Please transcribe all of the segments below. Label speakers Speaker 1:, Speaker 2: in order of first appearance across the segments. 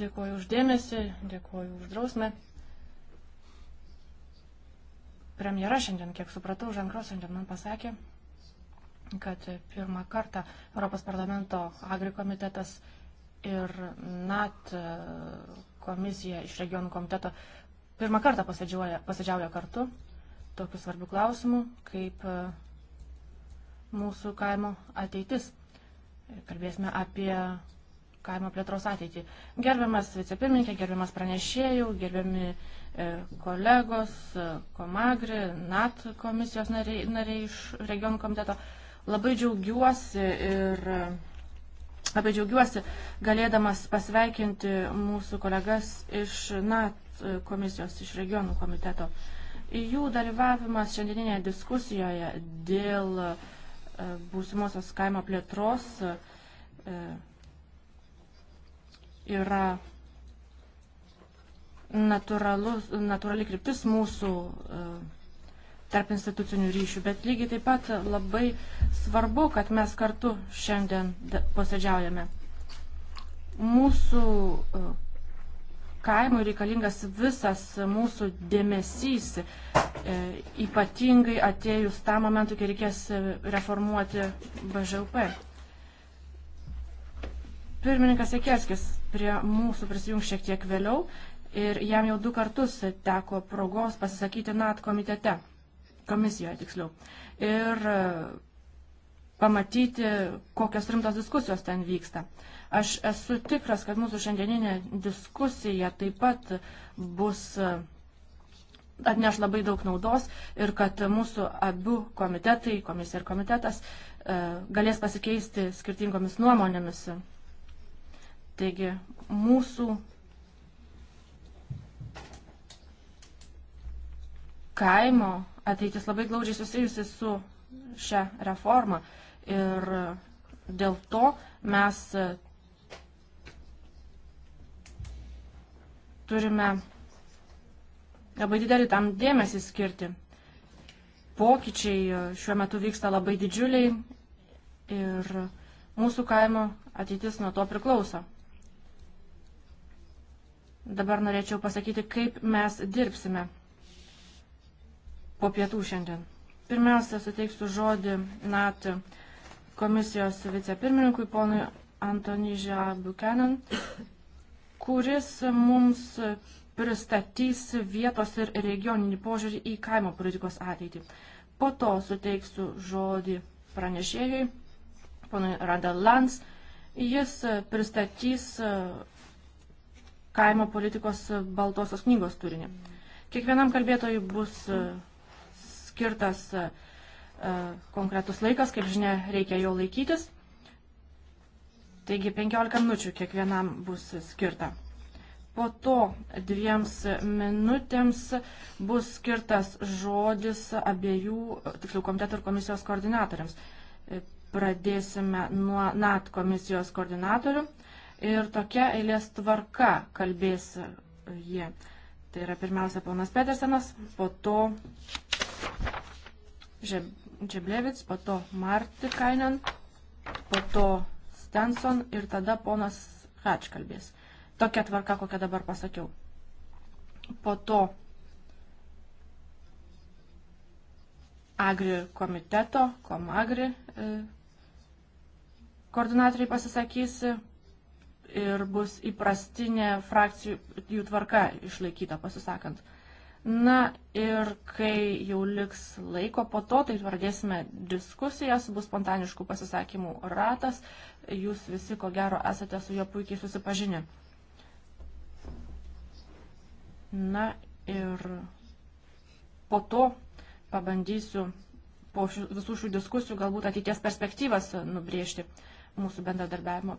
Speaker 1: Dėkuoju uždėmesi, dėkuoju už drausmę. Premjera šiandien, kiek supratau, Žankro šiandien man pasakė, kad pirmą kartą Europos parlamento agrikomitetas ir NAT e, komisija iš regionų komiteto pirmą kartą posėdžiauja, posėdžiauja kartu tokiu svarbiu klausimu, kaip e, mūsų kaimo ateitis. Kalbėsime apie kaimo plėtros ateitį. Gerbiamas vicepirmininkė, gerbiamas pranešėjų, gerbiami e, kolegos, e, komagri, NAT komisijos nariai, nariai iš regionų komiteto. Labai džiaugiuosi ir e, labai džiaugiuosi galėdamas pasveikinti mūsų kolegas iš NAT komisijos, iš regionų komiteto. Jų dalyvavimas šiandieninėje diskusijoje dėl būsimosios kaimo plėtros yra natūrali kryptis mūsų e, tarp institucinių ryšių, bet lygiai taip pat labai svarbu, kad mes kartu šiandien posėdžiaujame. Mūsų e, kaimui reikalingas visas mūsų dėmesys, e, ypatingai atėjus tą momentą, kai reikės reformuoti BŽUP. Pirmininkas Ekerskis prie mūsų prisijungs šiek tiek vėliau ir jam jau du kartus teko progos pasisakyti NAT komitete, komisijoje tiksliau. Ir e, pamatyti, kokios rimtos diskusijos ten vyksta. Aš esu tikras, kad mūsų šiandieninė diskusija taip pat bus e, atneš labai daug naudos ir kad mūsų abu komitetai, komisija ir komitetas, e, galės pasikeisti skirtingomis nuomonėmis Taigi mūsų kaimo ateitis labai glaudžiai susijusi su šią reformą ir dėl to mes turime labai didelį tam dėmesį skirti. Pokyčiai šiuo metu vyksta labai didžiuliai ir mūsų kaimo ateitis nuo to priklauso. Dabar norėčiau pasakyti, kaip mes dirbsime po pietų šiandien. Pirmiausia, suteiksiu žodį NAT komisijos vicepirmininkui, ponui Antonyžia Buchanan, kuris mums pristatys vietos ir regioninį požiūrį į kaimo politikos ateitį. Po to suteiksiu žodį pranešėjui, ponui Radalans. Jis pristatys kaimo politikos baltosios knygos turinį. Kiekvienam kalbėtojui bus e, skirtas e, e, konkretus laikas, kaip žinia, reikia jo laikytis. Taigi 15 minučių kiekvienam bus skirta. Po to dviems minutėms bus skirtas žodis abiejų, tiksliau, komiteto ir komisijos koordinatoriams. Pradėsime nuo NAT komisijos koordinatorių ir tokia eilės tvarka kalbės jie. Tai yra pirmiausia ponas Petersenas, po to Džeblevits, po to Martikainen, po to Stenson ir tada ponas Hač kalbės. Tokia tvarka, kokią dabar pasakiau. Po to Agri komiteto, Komagri e, koordinatoriai pasisakys, ir bus įprastinė frakcijų jų tvarka išlaikyta pasisakant. Na ir kai jau liks laiko po to, tai pradėsime diskusijas, bus spontaniškų pasisakymų ratas, jūs visi ko gero esate su juo puikiai susipažinę. Na ir po to pabandysiu po visų šių diskusijų galbūt ateities perspektyvas nubrėžti mūsų bendradarbiavimo.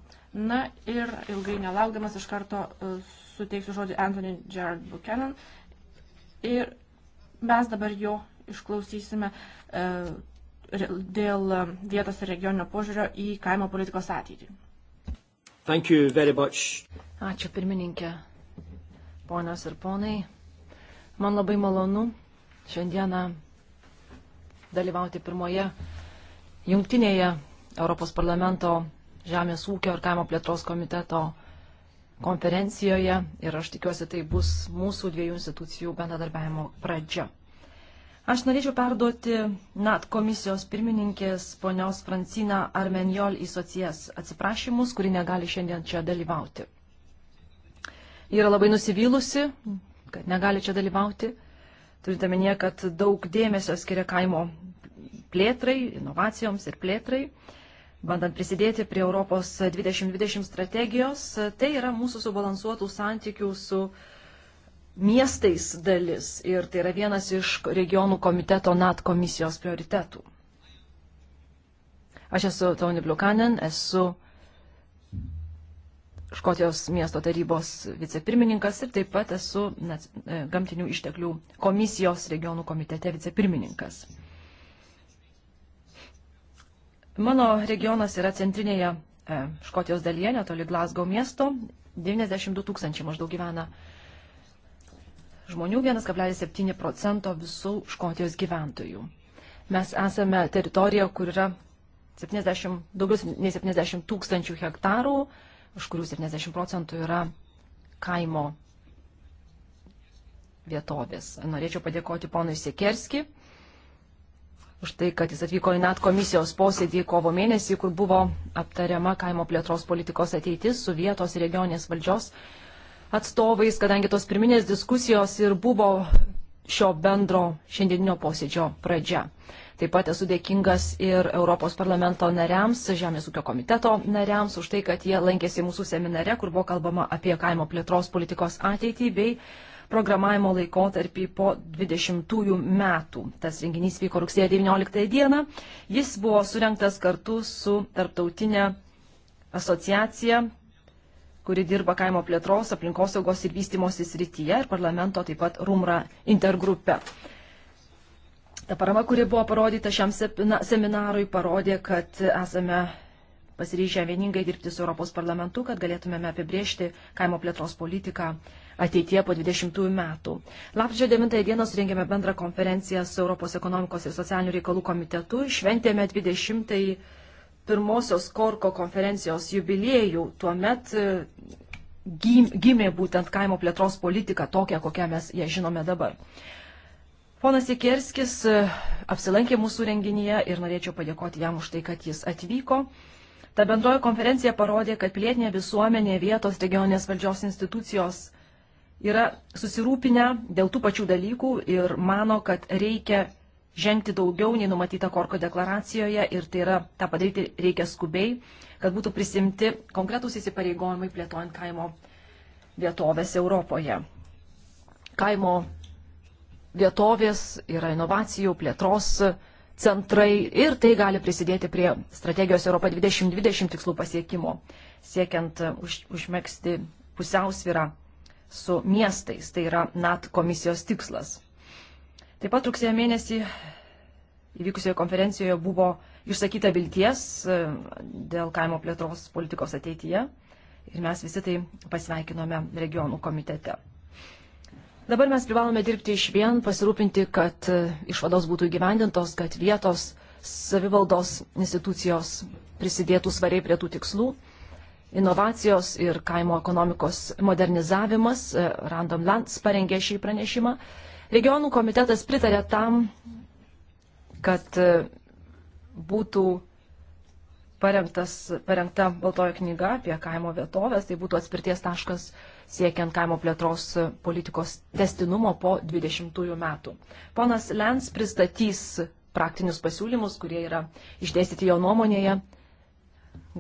Speaker 1: Na ir ilgai nelaukdamas iš karto e, suteiksiu žodį Anthony Gerard Buchanan. Ir mes dabar jo išklausysime e, dėl e, vietos ir regioninio požiūrio į kaimo politikos ateitį.
Speaker 2: Thank you very much. Ačiū pirmininkė, ponios ir ponai. Man labai malonu šiandieną dalyvauti pirmoje jungtinėje Europos parlamento Žemės ūkio ir kaimo plėtros komiteto konferencijoje ir aš tikiuosi tai bus mūsų dviejų institucijų bendradarbiavimo pradžia. Aš norėčiau perduoti NAT komisijos pirmininkės ponios Francina Armenjol įsocijas atsiprašymus, kuri negali šiandien čia dalyvauti. Ji yra labai nusivylusi, kad negali čia dalyvauti. Turite minėję, kad daug dėmesio skiria kaimo plėtrai, inovacijoms ir plėtrai. Uh, bandant prisidėti prie Europos 2020 strategijos. Tai yra mūsų subalansuotų santykių su miestais dalis ir tai yra vienas iš regionų komiteto NAT komisijos prioritetų. Aš esu Tony Bliukanen, esu Škotijos miesto tarybos vicepirmininkas ir taip pat esu net, gamtinių išteklių komisijos regionų komitete vicepirmininkas. Mano regionas yra centrinėje e, Škotijos dalyje, netoli Glasgow miesto. 92 tūkstančiai maždaug gyvena žmonių, 1,7 procento visų Škotijos gyventojų. Mes esame teritorija, kur yra 70, daugiau nei 70 tūkstančių hektarų, iš kurių 70 procentų yra kaimo vietovės. Norėčiau padėkoti ponui Siekerski už tai, kad jis atvyko į NAT komisijos posėdį kovo mėnesį, kur buvo aptariama kaimo plėtros politikos ateitis su vietos ir regionės valdžios atstovais, kadangi tos pirminės diskusijos ir buvo šio bendro šiandieninio posėdžio pradžia. Taip pat esu dėkingas ir Europos parlamento nariams, Žemės ūkio komiteto nariams už tai, kad jie lankėsi mūsų seminare, kur buvo kalbama apie kaimo plėtros politikos ateitį bei programavimo laikotarpį po 20 metų. Tas renginys vyko rugsėjo 19 dieną. Jis buvo surinktas kartu su tarptautinė asociacija kuri dirba kaimo plėtros, aplinkosaugos ir vystimosi srityje ir parlamento taip pat Rumra intergrupe. Ta parama, kuri buvo parodyta šiam seminarui, parodė, kad esame pasiryžę vieningai dirbti su Europos parlamentu, kad galėtumėme apibriežti kaimo plėtros politiką ateitie po 20 metų. Lapkričio 9 dieną surengėme bendrą konferenciją su Europos ekonomikos ir socialinių reikalų komitetu. Šventėme 20-ąjį pirmosios Korko konferencijos jubiliejų. Tuomet e, gimė būtent kaimo plėtros politika tokia, kokią mes ją žinome dabar. Ponas Ikerskis e, apsilankė mūsų renginyje ir norėčiau padėkoti jam už tai, kad jis atvyko. Ta bendroji konferencija parodė, kad pilietinė visuomenė, vietos regioninės valdžios institucijos yra susirūpinę dėl tų pačių dalykų ir mano, kad reikia žengti daugiau nei numatyta Korko deklaracijoje ir tai yra, tą padaryti reikia skubiai, kad būtų prisimti konkretūs įsipareigojimai plėtojant kaimo vietovės Europoje. Kaimo vietovės yra inovacijų, plėtros centrai ir tai gali prisidėti prie strategijos Europa 2020 tikslų pasiekimo, siekiant už, užmėgsti pusiausvyrą su miestais. Tai yra NAT komisijos tikslas. Taip pat rugsėjo mėnesį įvykusioje konferencijoje buvo išsakyta vilties e, dėl kaimo plėtros politikos ateityje ir mes visi tai pasveikinome regionų komitete. Dabar mes privalome dirbti iš vien, pasirūpinti, kad e, išvados būtų įgyvendintos, kad vietos savivaldos institucijos prisidėtų svariai prie tų tikslų inovacijos ir kaimo ekonomikos modernizavimas. E, Random Lands parengė šį pranešimą. Regionų komitetas pritarė tam, kad e, būtų parengta baltojo knyga apie kaimo vietovės, tai būtų atspirties taškas siekiant kaimo plėtros politikos testinumo po 20 metų. Ponas Lens pristatys praktinius pasiūlymus, kurie yra išdėstyti jo nuomonėje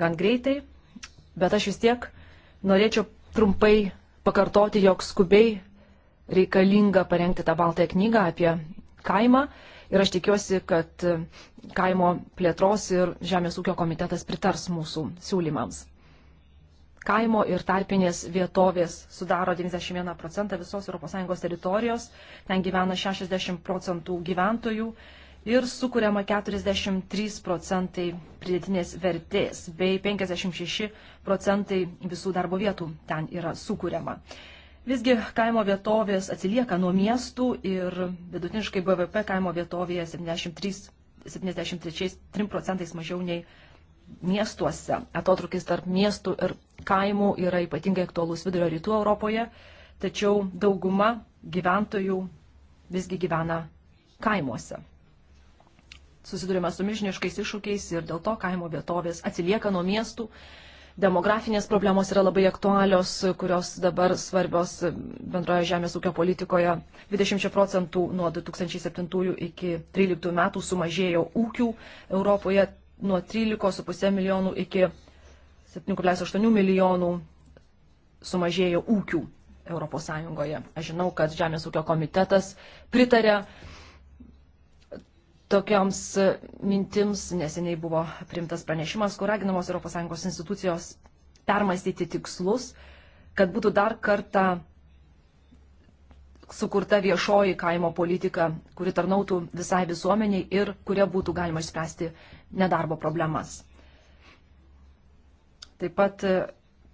Speaker 2: gan greitai bet aš vis tiek norėčiau trumpai pakartoti, jog skubiai reikalinga parengti tą baltąją knygą apie kaimą ir aš tikiuosi, kad kaimo plėtros ir Žemės ūkio komitetas pritars mūsų siūlymams. Kaimo ir tarpinės vietovės sudaro 91 procentą visos ES teritorijos, ten gyvena 60 procentų gyventojų, ir sukūriama 43 procentai pridėtinės vertės, bei 56 procentai visų darbo vietų ten yra sukūriama. Visgi kaimo vietovės atsilieka nuo miestų ir vidutiniškai BVP kaimo vietovėje 73, 73 procentais mažiau nei miestuose. Atotrukis tarp miestų ir kaimų yra ypatingai aktuolus vidurio rytų Europoje, tačiau dauguma gyventojų visgi gyvena kaimuose susidurime su milžiniškais iššūkiais ir dėl to kaimo vietovės atsilieka nuo miestų. Demografinės problemos yra labai aktualios, kurios dabar svarbios bendroje žemės ūkio politikoje. 20 procentų nuo 2007 iki 2013 metų sumažėjo ūkių Europoje nuo 13,5 milijonų iki 7,8 milijonų sumažėjo ūkių ES. Aš žinau, kad Žemės ūkio komitetas pritarė tokioms e, mintims neseniai buvo primtas pranešimas, kur raginamos ES institucijos permastyti tikslus, kad būtų dar kartą sukurta viešoji kaimo politika, kuri tarnautų visai visuomeniai ir kuria būtų galima išspręsti nedarbo problemas. Taip pat e,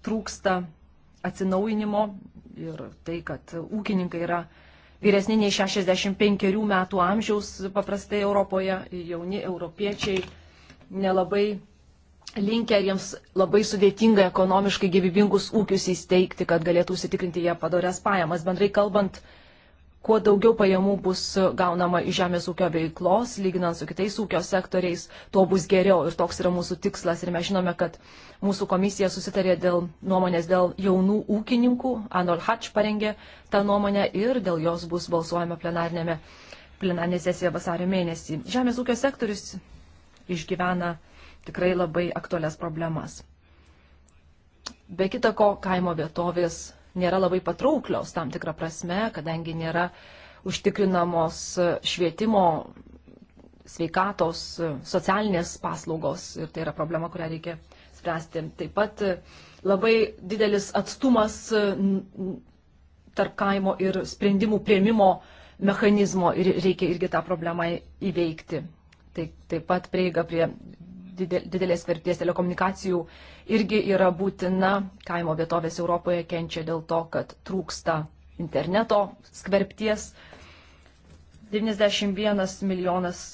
Speaker 2: trūksta atsinaujinimo ir tai, kad ūkininkai yra uh, vyresni nei 65 metų amžiaus paprastai Europoje, jauni europiečiai nelabai linkę ir jiems labai sudėtinga ekonomiškai gyvybingus ūkius įsteigti, kad galėtų užsitikrinti jie padorias pajamas. Bendrai kalbant, kuo daugiau pajamų bus gaunama iš žemės ūkio veiklos, lyginant su kitais ūkio sektoriais, tuo bus geriau. Ir toks yra mūsų tikslas. Ir mes žinome, kad mūsų komisija susitarė dėl nuomonės dėl jaunų ūkininkų. Anol Hatch parengė tą nuomonę ir dėl jos bus balsuojama plenarnėme plenarinė sesija vasario mėnesį. Žemės ūkio sektorius išgyvena tikrai labai aktualias problemas. Be kita ko, kaimo vietovės nėra labai patrauklios tam tikrą prasme, kadangi nėra užtikrinamos švietimo, sveikatos, socialinės paslaugos ir tai yra problema, kurią reikia spręsti. Taip pat labai didelis atstumas tarp kaimo ir sprendimų prieimimo mechanizmo ir reikia irgi tą problemą įveikti. Tai taip pat prieiga prie didelės vertės telekomunikacijų irgi yra būtina. Kaimo vietovės Europoje kenčia dėl to, kad trūksta interneto skverpties. 91 milijonas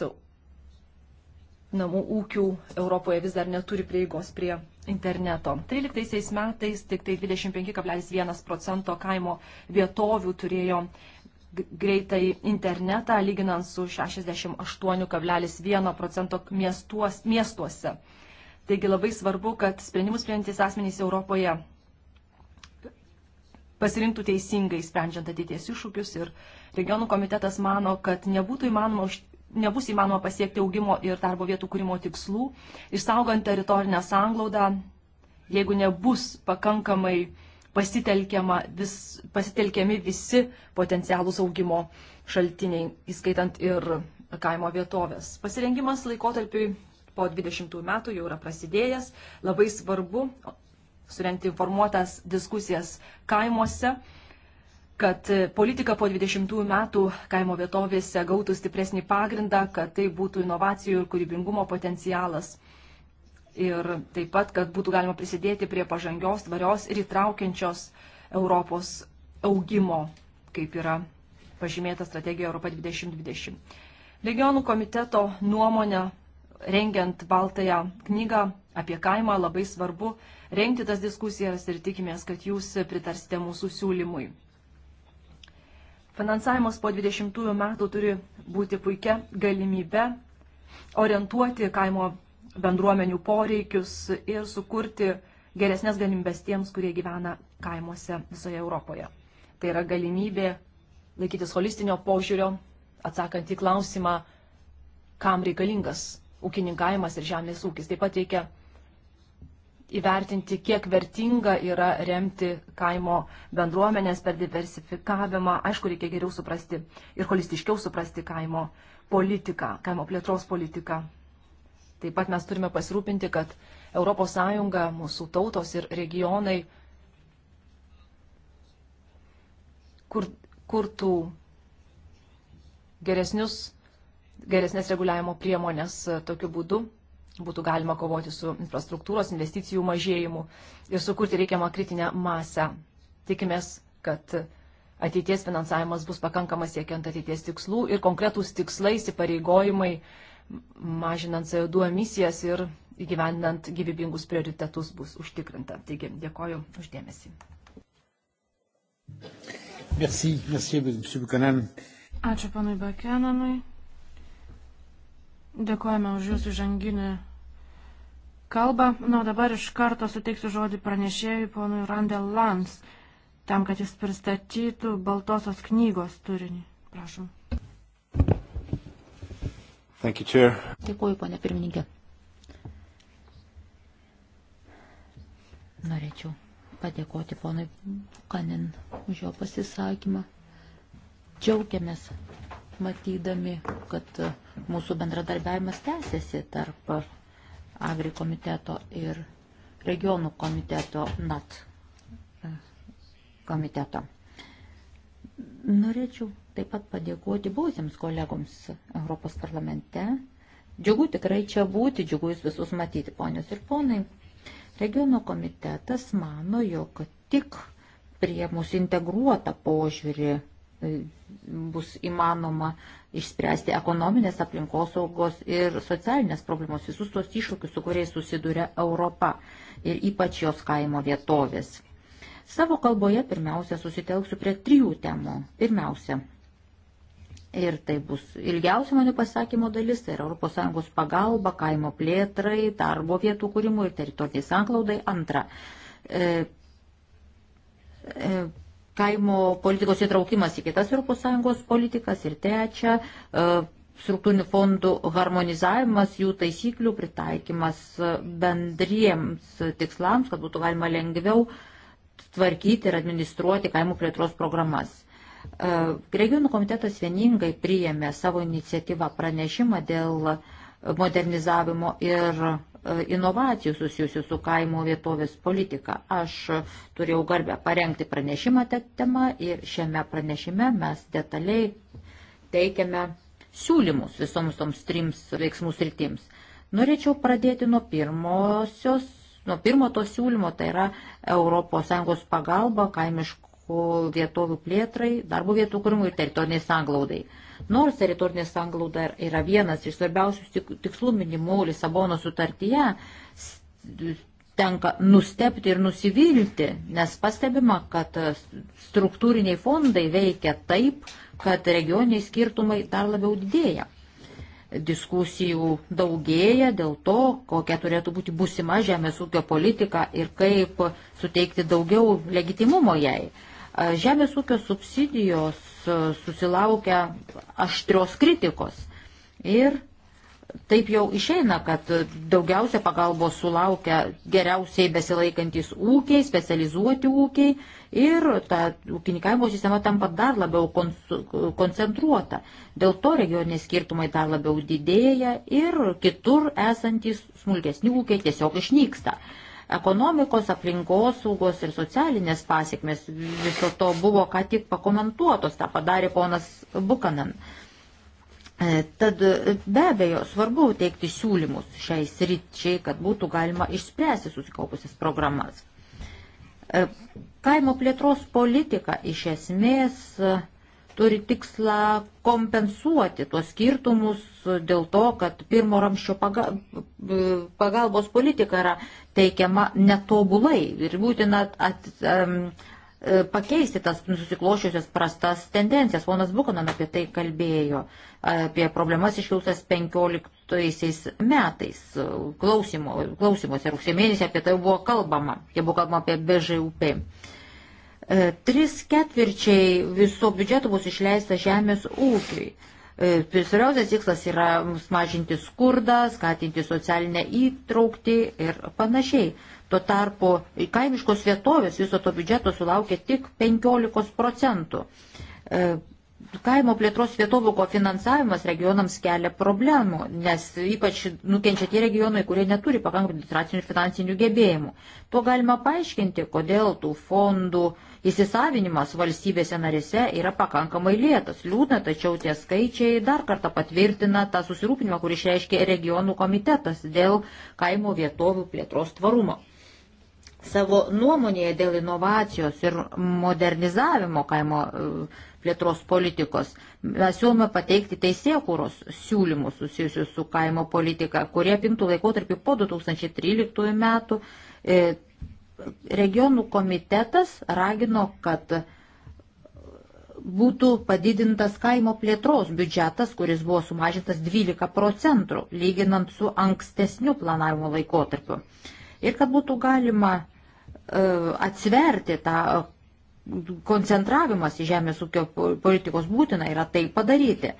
Speaker 2: namų ūkių Europoje vis dar neturi prieigos prie interneto. 13 metais tik tai 25,1 procento kaimo vietovių turėjo greitai internetą, lyginant su 68,1 procento miestuos, miestuose. Taigi labai svarbu, kad sprendimus priimantys asmenys Europoje pasirinktų teisingai, sprendžiant ateities iššūkius. Ir regionų komitetas mano, kad nebūtų įmanoma nebus įmanoma pasiekti augimo ir darbo vietų kūrimo tikslų, išsaugant teritorinę sanglaudą, jeigu nebus pakankamai uh, vis, pasitelkiami visi potencialūs augimo šaltiniai, įskaitant ir kaimo vietovės. Pasirengimas laikotarpiui po 20 metų jau yra prasidėjęs. Labai svarbu surenkti informuotas diskusijas kaimuose kad politika po 20 metų kaimo vietovėse gautų stipresnį pagrindą, kad tai būtų inovacijų ir kūrybingumo potencialas ir taip pat, kad būtų galima prisidėti prie pažangios, tvarios ir įtraukiančios Europos augimo, kaip yra pažymėta strategija Europa 2020. Regionų komiteto nuomonė, rengiant baltąją knygą apie kaimą, labai svarbu rengti tas diskusijas ir tikimės, kad jūs pritarsite mūsų siūlymui. Finansavimas po 20 metų turi būti puikia galimybe orientuoti kaimo bendruomenių poreikius ir sukurti geresnės galimybės tiems, kurie gyvena kaimuose visoje Europoje. Tai yra galimybė laikytis holistinio požiūrio, atsakant į klausimą, kam reikalingas ūkininkavimas ir žemės ūkis. Taip pat reikia įvertinti, kiek vertinga yra remti kaimo bendruomenės per diversifikavimą. Aišku, reikia geriau suprasti ir holistiškiau suprasti kaimo politiką, kaimo plėtros politiką. Taip pat mes turime pasirūpinti, kad ES, mūsų tautos ir regionai kur, kurtų geresnius, geresnės reguliavimo priemonės e, tokiu būdu būtų galima kovoti su infrastruktūros investicijų mažėjimu ir sukurti reikiamą kritinę masę. Tikimės, kad ateities finansavimas bus pakankamas siekiant ateities tikslų ir konkretūs tikslai, įsipareigojimai mažinant CO2 emisijas ir įgyvendinant gyvybingus prioritetus bus užtikrinta. Taigi, dėkoju uždėmesį.
Speaker 3: Merci, merci,
Speaker 1: Ačiū panui Bakenanui. Dėkojame už jūsų žanginį kalbą. Na, dabar iš karto suteiksiu žodį pranešėjui ponui Randel Lans, tam, kad jis pristatytų Baltosios knygos turinį. Prašom.
Speaker 4: Thank you, Chair.
Speaker 5: Dėkuoju, ponė pirmininkė. Norėčiau padėkoti ponui Kanin už jo pasisakymą. Džiaugiamės matydami, kad mūsų bendradarbiavimas tęsiasi tarp Agri komiteto ir regionų komiteto NAT komiteto. Norėčiau taip pat padėkoti buvusiems kolegoms Europos parlamente. Džiugu tikrai čia būti, džiugu jūs visus matyti, ponios ir ponai. Regiono komitetas mano, jog tik prie mūsų integruotą požiūrį e, bus įmanoma išspręsti ekonominės aplinkosaugos ir socialinės problemos, visus tos iššūkius, su kuriais susiduria Europa ir ypač jos kaimo vietovės. Savo kalboje pirmiausia susitelksiu prie trijų temų. Pirmiausia, Ir tai bus ilgiausia mano pasakymo dalis, tai yra ES pagalba kaimo plėtrai, darbo vietų kūrimui ir teritoriniai sanklaudai. Antra, e, e, kaimo politikos įtraukimas į kitas ES politikas. Ir trečia, e, struktūrinių fondų harmonizavimas, jų taisyklių pritaikymas bendriems tikslams, kad būtų galima lengviau tvarkyti ir administruoti kaimų plėtros programas. E, regionų komitetas vieningai priėmė savo iniciatyvą pranešimą dėl modernizavimo ir e, inovacijų susijusių su kaimo vietovės politika. Aš turėjau garbę parengti pranešimą tą temą ir šiame pranešime mes detaliai teikiame siūlymus visoms toms trims veiksmų sritims. Norėčiau pradėti nuo pirmosios, nuo pirmo to siūlymo, tai yra ES pagalba kaimiškų vietovių plėtrai, darbo vietų kūrimui ir teritoriniai sanglaudai. Nors teritorinė sanglauda yra vienas iš svarbiausių tikslų minimų Lisabono sutartyje, tenka nustepti ir nusivilti, nes pastebima, kad struktūriniai fondai veikia taip, kad regioniai skirtumai dar labiau didėja. Diskusijų daugėja dėl to, kokia turėtų būti busima žemės ūkio politika ir kaip suteikti daugiau legitimumo jai. Žemės ūkio subsidijos susilaukia aštrios kritikos ir taip jau išeina, kad daugiausia pagalbos sulaukia geriausiai besilaikantis ūkiai, specializuoti ūkiai ir ta ūkininkavimo sistema tampa dar labiau koncentruota. Dėl to regioniniai skirtumai dar labiau didėja ir kitur esantis smulkesni ūkiai tiesiog išnyksta. Ekonomikos, aplinkosaugos ir socialinės pasiekmes viso to buvo ką tik pakomentuotos, tą padarė ponas Bukanan. E, tad e, be abejo svarbu teikti siūlymus šiai sritčiai, kad būtų galima išspręsti susikaupusias programas. E, kaimo plėtros politika iš esmės turi tikslą kompensuoti tuos skirtumus dėl to, kad pirmo ramščio pagalbos politika yra teikiama netobulai ir būtina at, um, pakeisti tas susiklošiusias prastas tendencijas. Ponas Bukanan apie tai kalbėjo, apie problemas iškilusias 15 metais. Klausimo, klausimuose rugsėjo mėnesį apie tai buvo kalbama. Jie buvo kalbama apie BŽUP. E, tris ketvirčiai viso biudžeto bus išleista žemės ūkiui. E, Pirmiausias tikslas yra mažinti skurdą, skatinti socialinę įtraukti ir panašiai. Tuo tarpu kaimiškos vietovės viso to biudžeto sulaukia tik 15 procentų. E, kaimo plėtros vietovų kofinansavimas regionams kelia problemų, nes ypač nukenčia tie regionai, kurie neturi pakankamai administracinių ir finansinių gebėjimų. Tuo galima paaiškinti, kodėl tų fondų uh, įsisavinimas valstybėse narėse yra pakankamai lėtas. Liūdna, tačiau tie skaičiai dar kartą patvirtina tą susirūpinimą, kurį išreiškė regionų komitetas dėl kaimo vietovių plėtros tvarumo. Savo nuomonėje dėl inovacijos ir modernizavimo kaimo e, plėtros politikos mes siūlome pateikti teisėkūros siūlymus susijusius su kaimo politika, kurie apimtų laikotarpį po 2013 metų e, Regionų komitetas ragino, kad būtų padidintas kaimo plėtros biudžetas, kuris buvo sumažintas 12 procentų, lyginant su ankstesniu planavimo laikotarpiu. Ir kad būtų galima e, atsverti tą koncentravimas į žemės ūkio politikos būtina yra tai padaryti.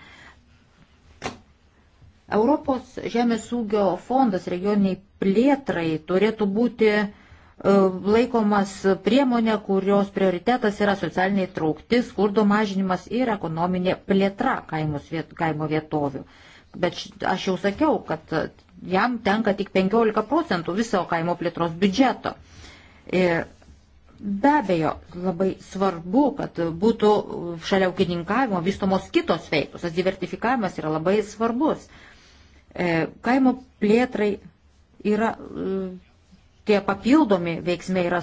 Speaker 5: Europos žemės ūkio fondas regioniniai plėtrai turėtų būti uh, E, laikomas priemonė, kurios prioritetas yra socialiniai traukti, skurdo mažinimas ir ekonominė plėtra viet, kaimo vietovių. Bet aš jau sakiau, kad jam tenka tik 15 procentų viso kaimo plėtros biudžeto. Ir e, be abejo, labai svarbu, kad būtų šalia ūkininkavimo vystomos kitos veiklos. Tas diversifikavimas yra labai svarbus. E, kaimo plėtrai yra tie papildomi veiksmai yra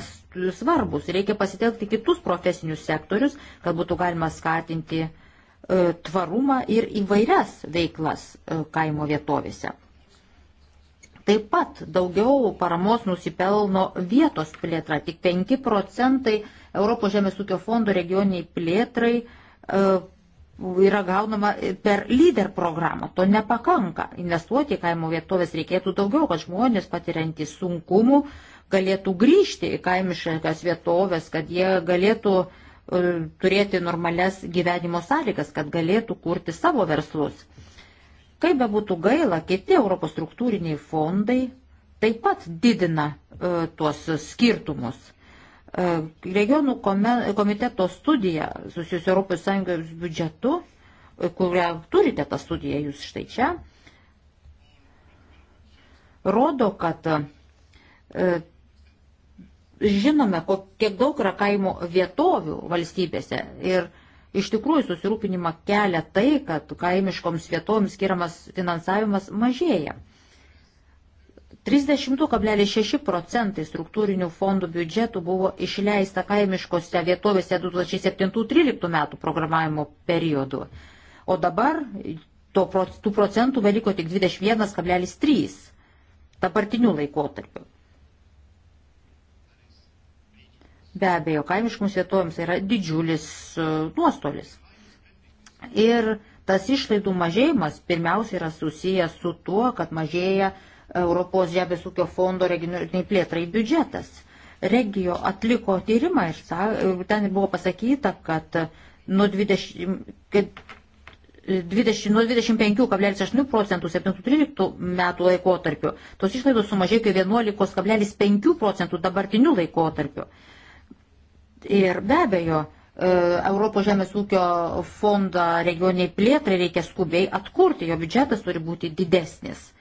Speaker 5: svarbus. Reikia pasitelkti kitus profesinius sektorius, kad būtų galima skatinti e, tvarumą ir įvairias veiklas e, kaimo vietovėse. Taip pat daugiau paramos nusipelno vietos plėtra. Tik 5 procentai Europos žemės ūkio fondo regioniai plėtrai e, yra gaunama per lyder programą. To nepakanka. Investuoti į kaimo vietovės reikėtų daugiau, kad žmonės patiriantys sunkumų galėtų grįžti į kaimiškas vietovės, kad jie galėtų e, turėti normales gyvenimo sąlygas, kad galėtų kurti savo verslus. Kaip be būtų gaila, kiti Europos struktūriniai fondai taip pat didina e, tuos skirtumus. E, regionų komiteto studija susijusi Europos Sąjungos biudžetu, e, kurią turite tą studiją jūs štai čia, rodo, kad e, žinome, kiek daug yra kaimo vietovių valstybėse. Ir iš tikrųjų susirūpinimą kelia tai, kad kaimiškoms vietoms skiriamas finansavimas mažėja. 32,6 procentai struktūrinių fondų biudžetų buvo išleista kaimiškose vietovėse 2007-2013 metų programavimo periodu, o dabar to, tų procentų beliko tik 21,3 dabartinių laikotarpių. Be abejo, kaimiškoms vietovėms yra didžiulis e, nuostolis. Ir tas išlaidų mažėjimas pirmiausia yra susijęs su tuo, kad mažėja uh, Europos žemės ūkio fondo regioniniai plėtrai biudžetas. Regio atliko tyrimą ir sa, ten buvo pasakyta, kad nuo 20, kad 20, nuo 25,8 procentų 7-13 metų laikotarpiu tos išlaidos sumažėjo iki 11,5 procentų dabartinių laikotarpiu. Ir be abejo, e, Europos žemės ūkio fondą regioniai plėtrai reikia skubiai atkurti, jo biudžetas turi būti didesnis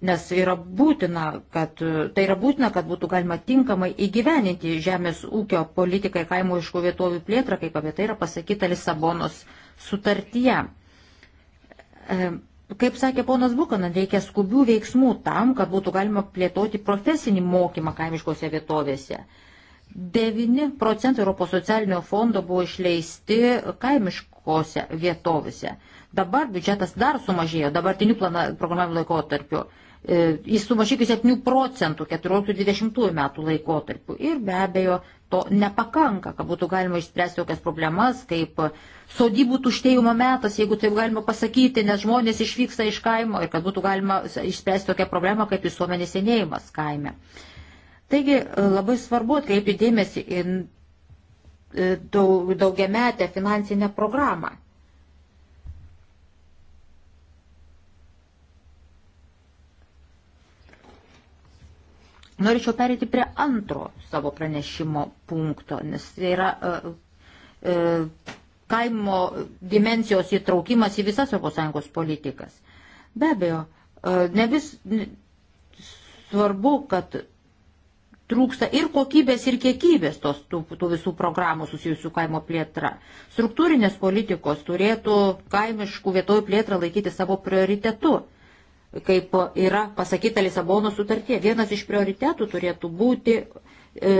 Speaker 5: nes yra būtina, kad, tai yra būtina, kad būtų galima tinkamai įgyveninti žemės ūkio politikai kaimo iškų vietovių plėtrą, kaip apie tai yra pasakyta Lisabonos sutartyje. E, kaip sakė ponas Bukanan, reikia skubių veiksmų tam, kad būtų galima plėtoti profesinį mokymą kaimiškose vietovėse. 9 procentai Europos socialinio fondo buvo išleisti kaimiškose vietovėse. Dabar biudžetas dar sumažėjo dabartiniu planavimo laikotarpiu. E, jis sumažėjo iki 7 procentų 14-20 metų laikotarpiu. Ir be abejo, to nepakanka, kad būtų galima išspręsti tokias problemas, kaip sodybų tuštėjimo metas, jeigu taip galima pasakyti, nes žmonės išvyksta iš kaimo ir kad būtų galima išspręsti tokią problemą kaip visuomenės senėjimas kaime. Taigi e, labai svarbu atkreipti dėmesį į e, daugiametę finansinę programą. Norėčiau perėti prie antro savo pranešimo punkto, nes tai yra e, e, kaimo dimensijos įtraukimas į visas ES politikas. Be abejo, e, ne vis ne, svarbu, kad trūksta ir kokybės, ir kiekybės tos, tų, tų visų programų susijusių kaimo plėtra. Struktūrinės politikos turėtų kaimiškų vietojų plėtrą laikyti savo prioritetu kaip yra pasakyta Lisabono sutartie. Vienas iš prioritetų turėtų būti e,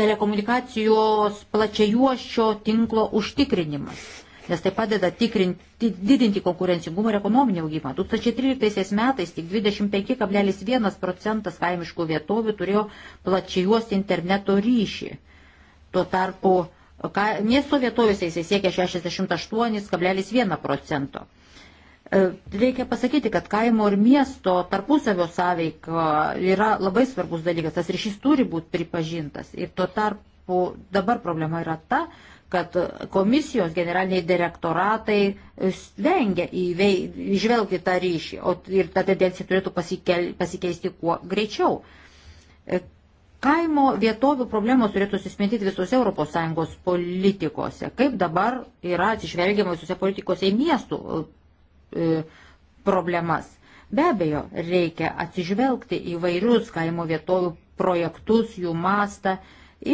Speaker 5: telekomunikacijos plačiajuoščio tinklo užtikrinimas, nes tai padeda tikrinti, didinti konkurencingumą ir ekonominį augimą. 2013 metais tik 25,1 procentas kaimiškų vietovių turėjo plačiajuosti interneto ryšį. Tuo tarpu miesto vietovėse jisai siekia 68,1 procento. E, reikia pasakyti, kad kaimo ir miesto tarpusavio sąveika yra labai svarbus dalykas, tas ryšys turi būti pripažintas. Ir tuo tarpu dabar problema yra ta, kad komisijos generaliniai direktoratai vengia išvelgti tą ryšį, o ir ta tendencija turėtų pasikel, pasikeisti kuo greičiau. E, kaimo vietovių problemos turėtų susmintyti visose ES politikose. Kaip dabar yra atsižvelgiama visose politikose į miestų E, problemas. Be abejo, reikia atsižvelgti į vairius kaimo vietovių projektus, jų mastą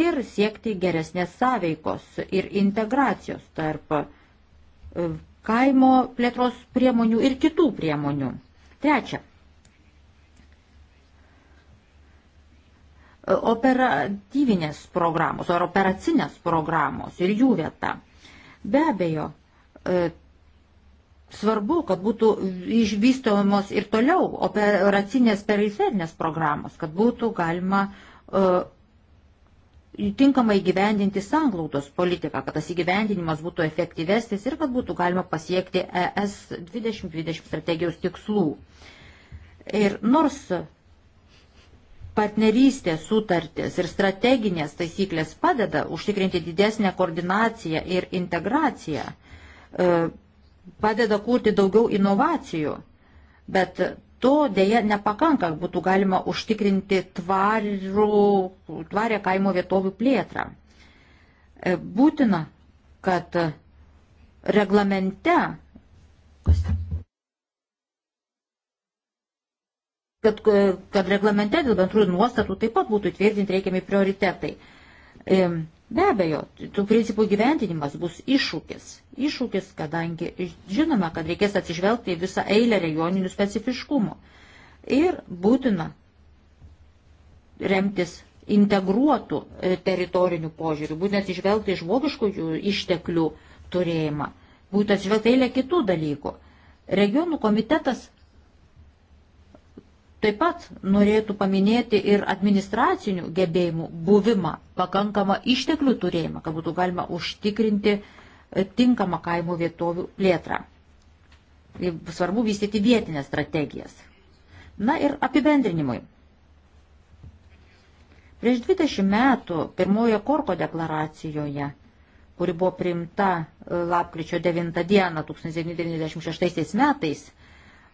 Speaker 5: ir siekti geresnės sąveikos ir integracijos tarp e, kaimo plėtros priemonių ir kitų priemonių. Trečia. E, operatyvinės programos ar operacinės programos ir jų vieta. Be abejo, svarbu, kad būtų išvystomos ir toliau operacinės periferinės programos, kad būtų galima uh, tinkamai gyvendinti sanglaudos politiką, kad tas įgyvendinimas būtų efektyvesnis ir kad būtų galima pasiekti ES 2020 strategijos tikslų. Ir nors partnerystės sutartis ir strateginės taisyklės padeda užtikrinti didesnę koordinaciją ir integraciją, uh, padeda kurti daugiau inovacijų, bet to dėja nepakanka, būtų galima užtikrinti tvarų, tvarę kaimo vietovių plėtrą. E, būtina, kad reglamente, kad, e, kad reglamente dėl bendrųjų nuostatų taip pat būtų įtvirtinti reikiami prioritetai. E, Be abejo, tų principų gyventinimas bus iššūkis. Iššūkis, kadangi žinoma, kad reikės atsižvelgti į visą eilę regioninių specifiškumų. Ir būtina remtis integruotų e, teritorinių požiūrių, būtent atsižvelgti į žmogiškųjų išteklių turėjimą, būtent atsižvelgti eilę kitų dalykų. Regionų komitetas Taip pat norėtų paminėti ir administracinių gebėjimų buvimą, pakankamą išteklių turėjimą, kad būtų galima užtikrinti e, tinkamą kaimo vietovių plėtrą. Svarbu vystyti vietinės strategijas. Na ir apibendrinimui. Prieš 20 metų pirmojo Korko deklaracijoje, kuri buvo priimta e, lapkričio 9 dieną 1996 metais,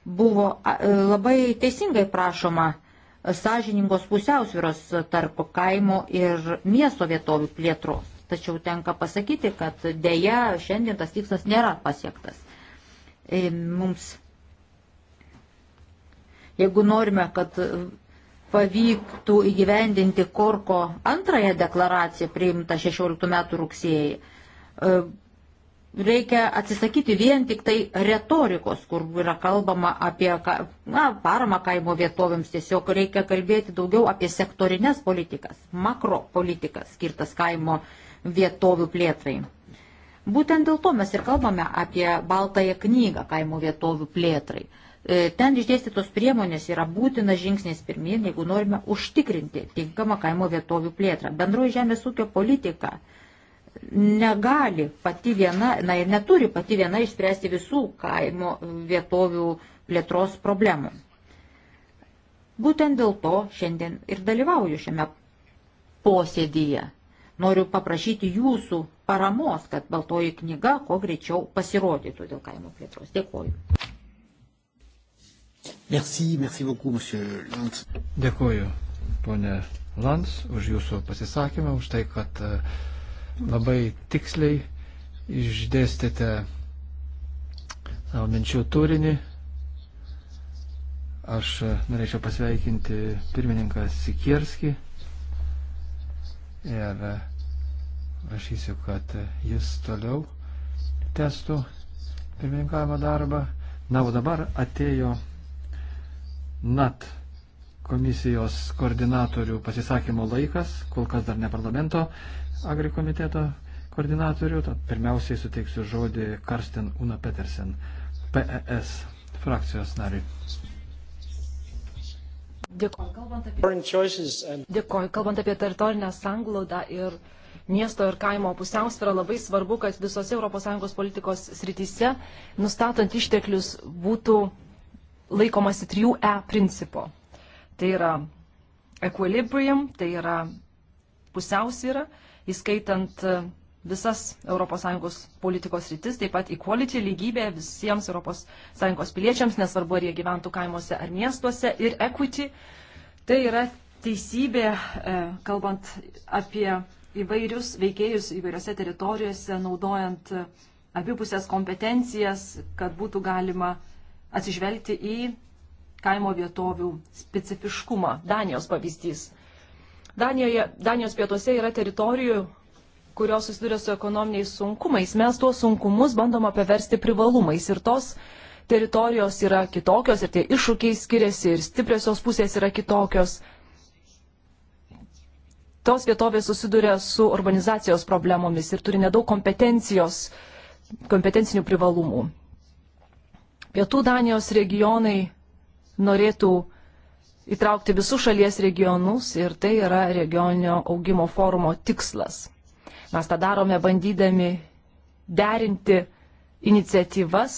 Speaker 5: buvo e, labai teisingai prašoma e, sąžiningos pusiausvyros tarp kaimo ir miesto vietovių plėtros. Tačiau tenka pasakyti, kad dėja šiandien tas tikslas nėra pasiektas. E, mums, jeigu norime, kad pavyktų įgyvendinti Korko antrąją deklaraciją priimtą 16 metų rugsėjį, reikia atsisakyti vien tik tai retorikos, kur yra kalbama apie na, paramą kaimo vietovėms, tiesiog reikia kalbėti daugiau apie sektorinės politikas, makropolitikas skirtas kaimo vietovių plėtrai. Būtent dėl to mes ir kalbame apie baltąją knygą kaimo vietovių plėtrai. E, ten išdėstytos priemonės yra būtina žingsnis pirmin, jeigu norime užtikrinti tinkamą kaimo vietovių plėtrą. Bendroji žemės ūkio politika negali pati viena, na ir neturi pati viena išspręsti visų kaimo vietovių plėtros problemų. Būtent dėl to šiandien ir dalyvauju šiame posėdyje. Noriu paprašyti jūsų paramos, kad baltoji knyga kuo greičiau pasirodytų dėl kaimo plėtros. Dėkoju.
Speaker 3: Merci, merci beaucoup, monsieur Lantz. Dėkoju, ponė Lantz, už jūsų pasisakymą, už tai, kad uh, labai tiksliai išdėstėte savo minčių turinį. Aš norėčiau pasveikinti pirmininką Sikierskį ir prašysiu, kad jis toliau testų pirmininkavimo darbą. Na, o dabar atėjo NAT komisijos koordinatorių pasisakymo laikas, kol kas dar ne parlamento agrikomiteto koordinatorių. Tad pirmiausiai suteiksiu žodį Karsten Una Petersen, PES frakcijos nariui.
Speaker 2: Dėkoju, kalbant apie, Dėkoju, kalbant apie teritorinę sanglaudą ir miesto ir kaimo pusiausvyrą, labai svarbu, kad visose ES politikos srityse, nustatant išteklius, būtų laikomasi 3E principo. Tai yra equilibrium, tai yra pusiausvyrą, įskaitant e, visas ES politikos rytis, taip pat equality lygybė visiems ES piliečiams, nesvarbu ar jie gyventų kaimuose ar miestuose, ir equity, tai yra teisybė, e, kalbant apie įvairius veikėjus įvairiose teritorijose, naudojant e, abipusės kompetencijas, kad būtų galima atsižvelgti į kaimo vietovių specifiškumą. Danijos pavyzdys Danijoje, Danijos pietuose yra teritorijų, kurios susiduria su ekonominiais sunkumais. Mes tuos sunkumus bandoma paversti privalumais ir tos teritorijos yra kitokios ir tie iššūkiai skiriasi ir stipriosios pusės yra kitokios. Tos vietovės susiduria su urbanizacijos problemomis ir turi nedaug kompetencijos, kompetencinių privalumų. Pietų Danijos regionai norėtų įtraukti visus šalies regionus ir tai yra regioninio augimo forumo tikslas. Mes tą darome bandydami derinti iniciatyvas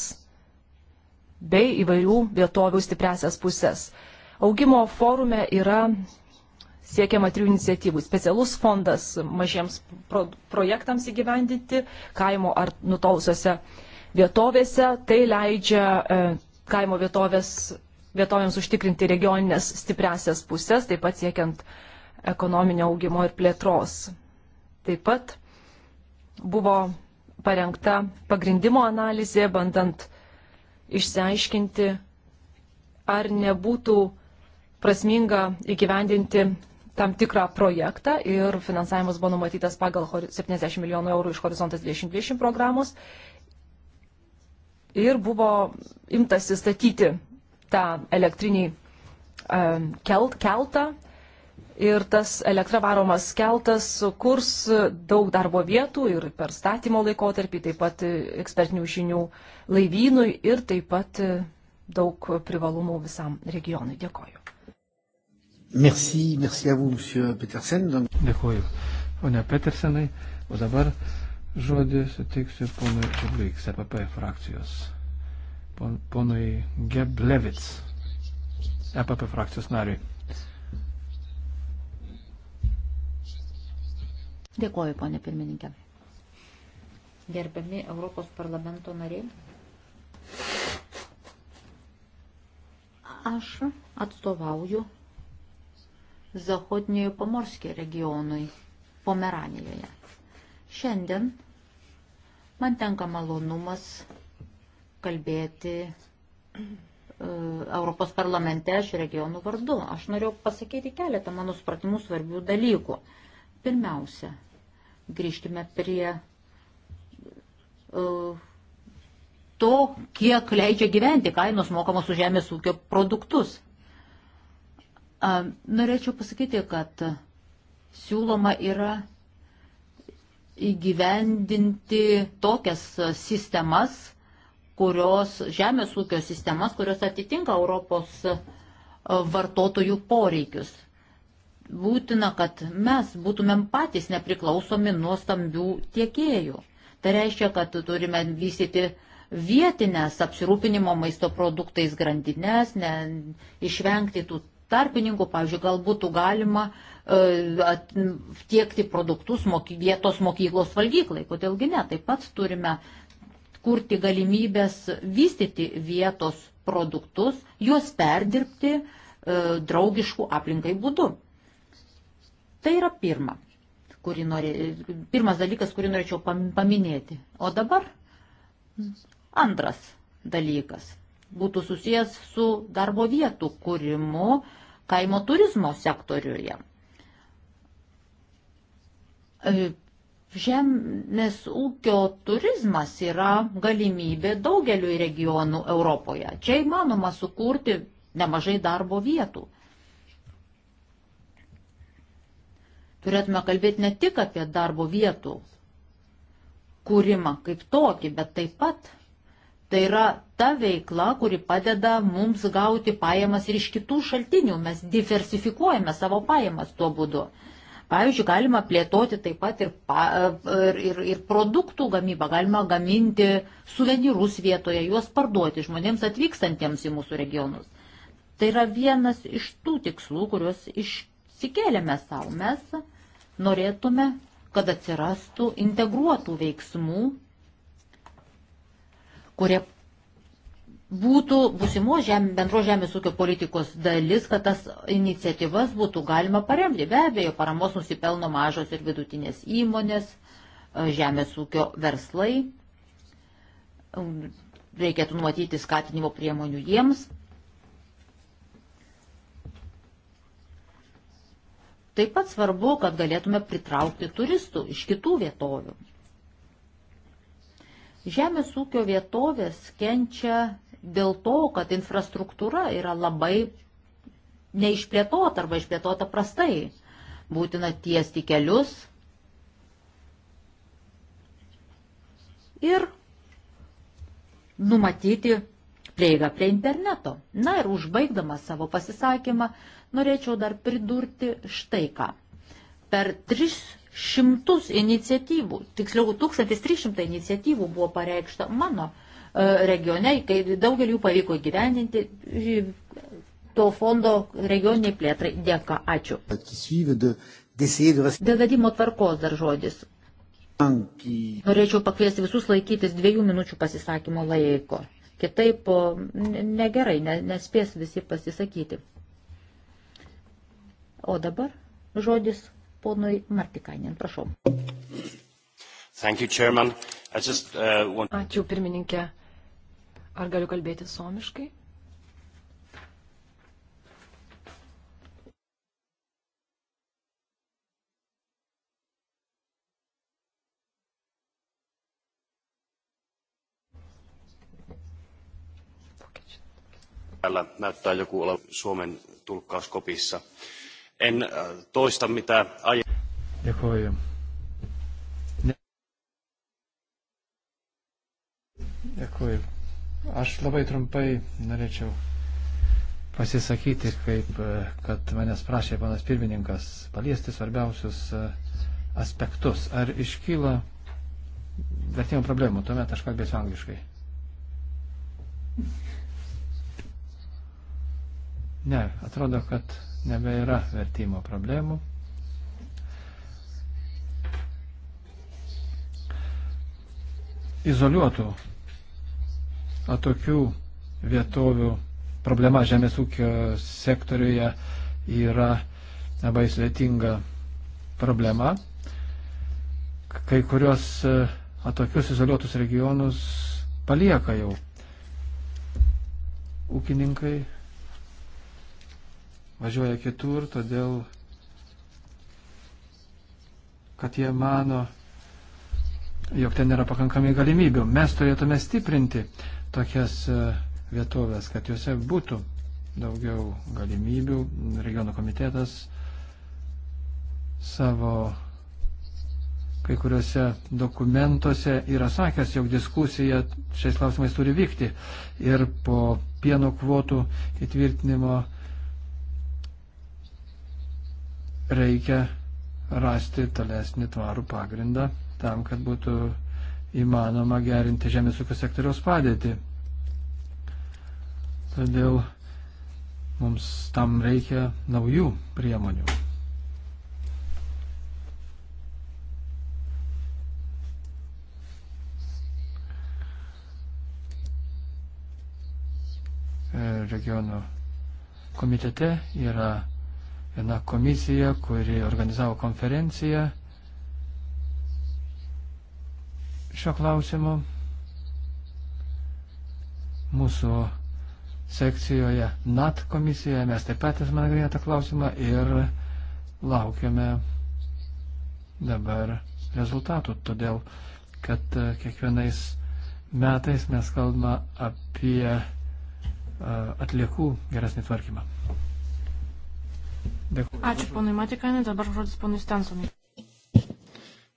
Speaker 2: bei įvairių vietovių stipresias pusės. Augimo forume yra siekiama trijų iniciatyvų. Specialus fondas mažiems pro projektams įgyvendinti kaimo ar nutolusiose vietovėse. Tai leidžia e, kaimo vietovės vietovėms užtikrinti regioninės stipriasias pusės, taip pat siekiant ekonominio augimo ir plėtros. Taip pat buvo parengta pagrindimo analizė, bandant išsiaiškinti, ar nebūtų prasminga įgyvendinti tam tikrą projektą ir finansavimas buvo numatytas pagal 70 milijonų eurų iš Horizontas 2020 programos ir buvo imtasi statyti tą elektrinį e, kelt, keltą ir tas elektra varomas keltas kurs daug darbo vietų ir per statymo laikotarpį, taip pat ekspertinių žinių laivynui ir taip pat daug privalumų visam regionui. Dėkoju.
Speaker 3: Merci, merci à vous, monsieur Petersen. Donc... Dėkoju, ponia Petersenai. O dabar žodį suteiksiu ponui Čibliks, EPP frakcijos pon, ponui Geblevits, EPP frakcijos nariui.
Speaker 5: Dėkoju, ponė pirmininkė. Gerbiami Europos parlamento nariai. Aš atstovauju Zahodniojo Pomorskio regionui Pomeranijoje. Šiandien man tenka malonumas kalbėti e, Europos parlamente aš regionų vardu. Aš norėjau pasakyti keletą mano supratimų svarbių dalykų. Pirmiausia, grįžkime prie e, to, kiek leidžia gyventi kainos mokamos už žemės ūkio produktus. Norėčiau pasakyti, kad siūloma yra įgyvendinti tokias sistemas, kurios žemės ūkio sistemas, kurios atitinka Europos e, vartotojų poreikius. Būtina, kad mes būtumėm patys nepriklausomi nuo stambių tiekėjų. Tai reiškia, kad turime vystyti vietinės apsirūpinimo maisto produktais grandinės, ne, išvengti tų tarpininkų, pavyzdžiui, gal būtų galima uh, tiekti produktus moky, vietos mokyklos valgyklai, kodėlgi ne, taip pat turime uh, kurti galimybės vystyti vietos produktus, juos perdirbti e, draugiškų aplinkai būdu. Tai yra pirma, kurį norė, pirmas dalykas, kurį norėčiau paminėti. O dabar antras dalykas būtų susijęs su darbo vietų kūrimu kaimo turizmo sektoriuje e, Žemės ūkio turizmas yra galimybė daugeliu regionų Europoje. Čia įmanoma sukurti nemažai darbo vietų. Turėtume kalbėti ne tik apie darbo vietų kūrimą kaip tokį, bet taip pat tai yra ta veikla, kuri padeda mums gauti pajamas ir iš kitų šaltinių. Mes diversifikuojame savo pajamas tuo būdu. Pavyzdžiui, galima plėtoti taip pat ir, pa, ir, ir, ir produktų gamybą, galima gaminti suvenyrus vietoje, juos parduoti žmonėms atvykstantiems į mūsų regionus. Tai yra vienas iš tų tikslų, kuriuos išsikėlėme savo. Mes norėtume, kad atsirastų integruotų veiksmų, kurie būtų būsimos žemė, bendros žemės ūkio politikos dalis, kad tas iniciatyvas būtų galima paremti. Be abejo, paramos nusipelno mažos ir vidutinės įmonės, e, žemės ūkio verslai. Um, reikėtų numatyti skatinimo priemonių jiems. Taip pat svarbu, kad galėtume pritraukti turistų iš kitų vietovių. Žemės ūkio vietovės kenčia dėl to, kad infrastruktūra yra labai neišplėtota arba išplėtota prastai. Būtina tiesti kelius ir numatyti prieigą prie interneto. Na ir užbaigdamas savo pasisakymą, norėčiau dar pridurti štai ką. Per 300 iniciatyvų, tiksliau 1300 iniciatyvų buvo pareikšta mano E, regione, kai daugelį jų pavyko gyvendinti e, to fondo regioniniai plėtrai dėka. Ačiū. Dėgadimo tvarkos dar žodis. Norėčiau pakviesti visus laikytis dviejų minučių pasisakymo laiko. Kitaip negerai, ne, nespės visi pasisakyti. O dabar žodis ponui Martikanin, prašau.
Speaker 4: You, just, uh, want... Ačiū
Speaker 2: pirmininkė. Ar galiu kalbėti suomiškai?
Speaker 4: Täällä näyttää joku olla Suomen tulkkaus kopissa. En äh, toista mitä aiemmin.
Speaker 3: Dėkoju. Ne. Dėkoju. Aš labai trumpai norėčiau pasisakyti, kaip e, kad manęs prašė panas pirmininkas paliesti svarbiausius e, aspektus. Ar iškyla vertimo problemų? Tuomet aš kalbėsiu angliškai. Ne, atrodo, kad nebėra vertimo problemų. Izoliuotų atokių vietovių problema žemės ūkio sektoriuje yra labai sudėtinga problema. Kai kurios atokius e, izoliuotus regionus palieka jau ūkininkai, važiuoja kitur, todėl kad jie mano, jog ten nėra pakankamai galimybių. Mes turėtume stiprinti tokias e, vietovės, kad juose būtų daugiau galimybių. Regionų komitetas savo kai kuriuose dokumentuose yra sakęs, jog diskusija šiais klausimais turi vykti ir po pieno kvotų įtvirtinimo reikia rasti tolesnį tvarų pagrindą tam, kad būtų įmanoma gerinti žemės ūkio sektoriaus padėtį. Todėl mums tam reikia naujų priemonių. Regionų komitete yra viena komisija, kuri organizavo konferenciją šio klausimu. Mūsų sekcijoje NAT komisijoje mes taip pat esame tą klausimą ir laukiame dabar rezultatų, todėl kad e, kiekvienais metais mes kalbame apie e, atliekų geresnį tvarkymą. Dėkui.
Speaker 1: Ačiū
Speaker 2: ponui Matikanui, dabar žodis ponui Stensonui.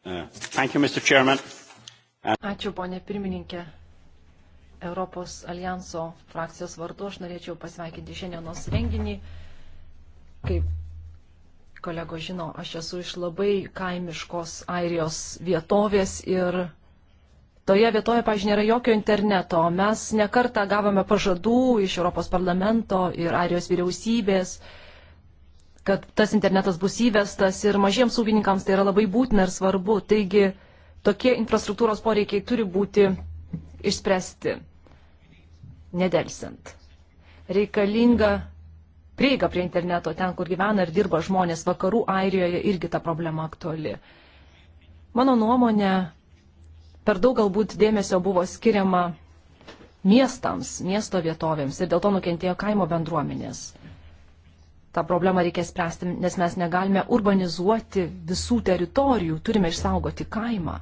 Speaker 3: Uh, thank you, Mr. Chairman.
Speaker 2: Ačiū, ponė pirmininkė. Europos alijanso frakcijos vardu aš norėčiau pasveikinti šiandienos renginį. Kaip kolego žino, aš esu iš labai kaimiškos Airijos vietovės ir toje vietoje, pažiūrėjau, nėra jokio interneto. Mes nekartą gavome pažadų iš Europos parlamento ir Airijos vyriausybės kad tas internetas bus įvestas ir mažiems ūkininkams tai yra labai būtina ir svarbu. Taigi tokie infrastruktūros poreikiai turi būti išspręsti, nedelsint. Reikalinga prieiga prie interneto ten, kur gyvena ir dirba žmonės, vakarų Airijoje irgi ta problema aktuali. Mano nuomonė, per daug galbūt dėmesio buvo skiriama miestams, miesto vietovėms ir dėl to nukentėjo kaimo bendruomenės. Ta problema reikia spręsti, nes mes negalime urbanizuoti visų teritorijų, turime išsaugoti kaimą.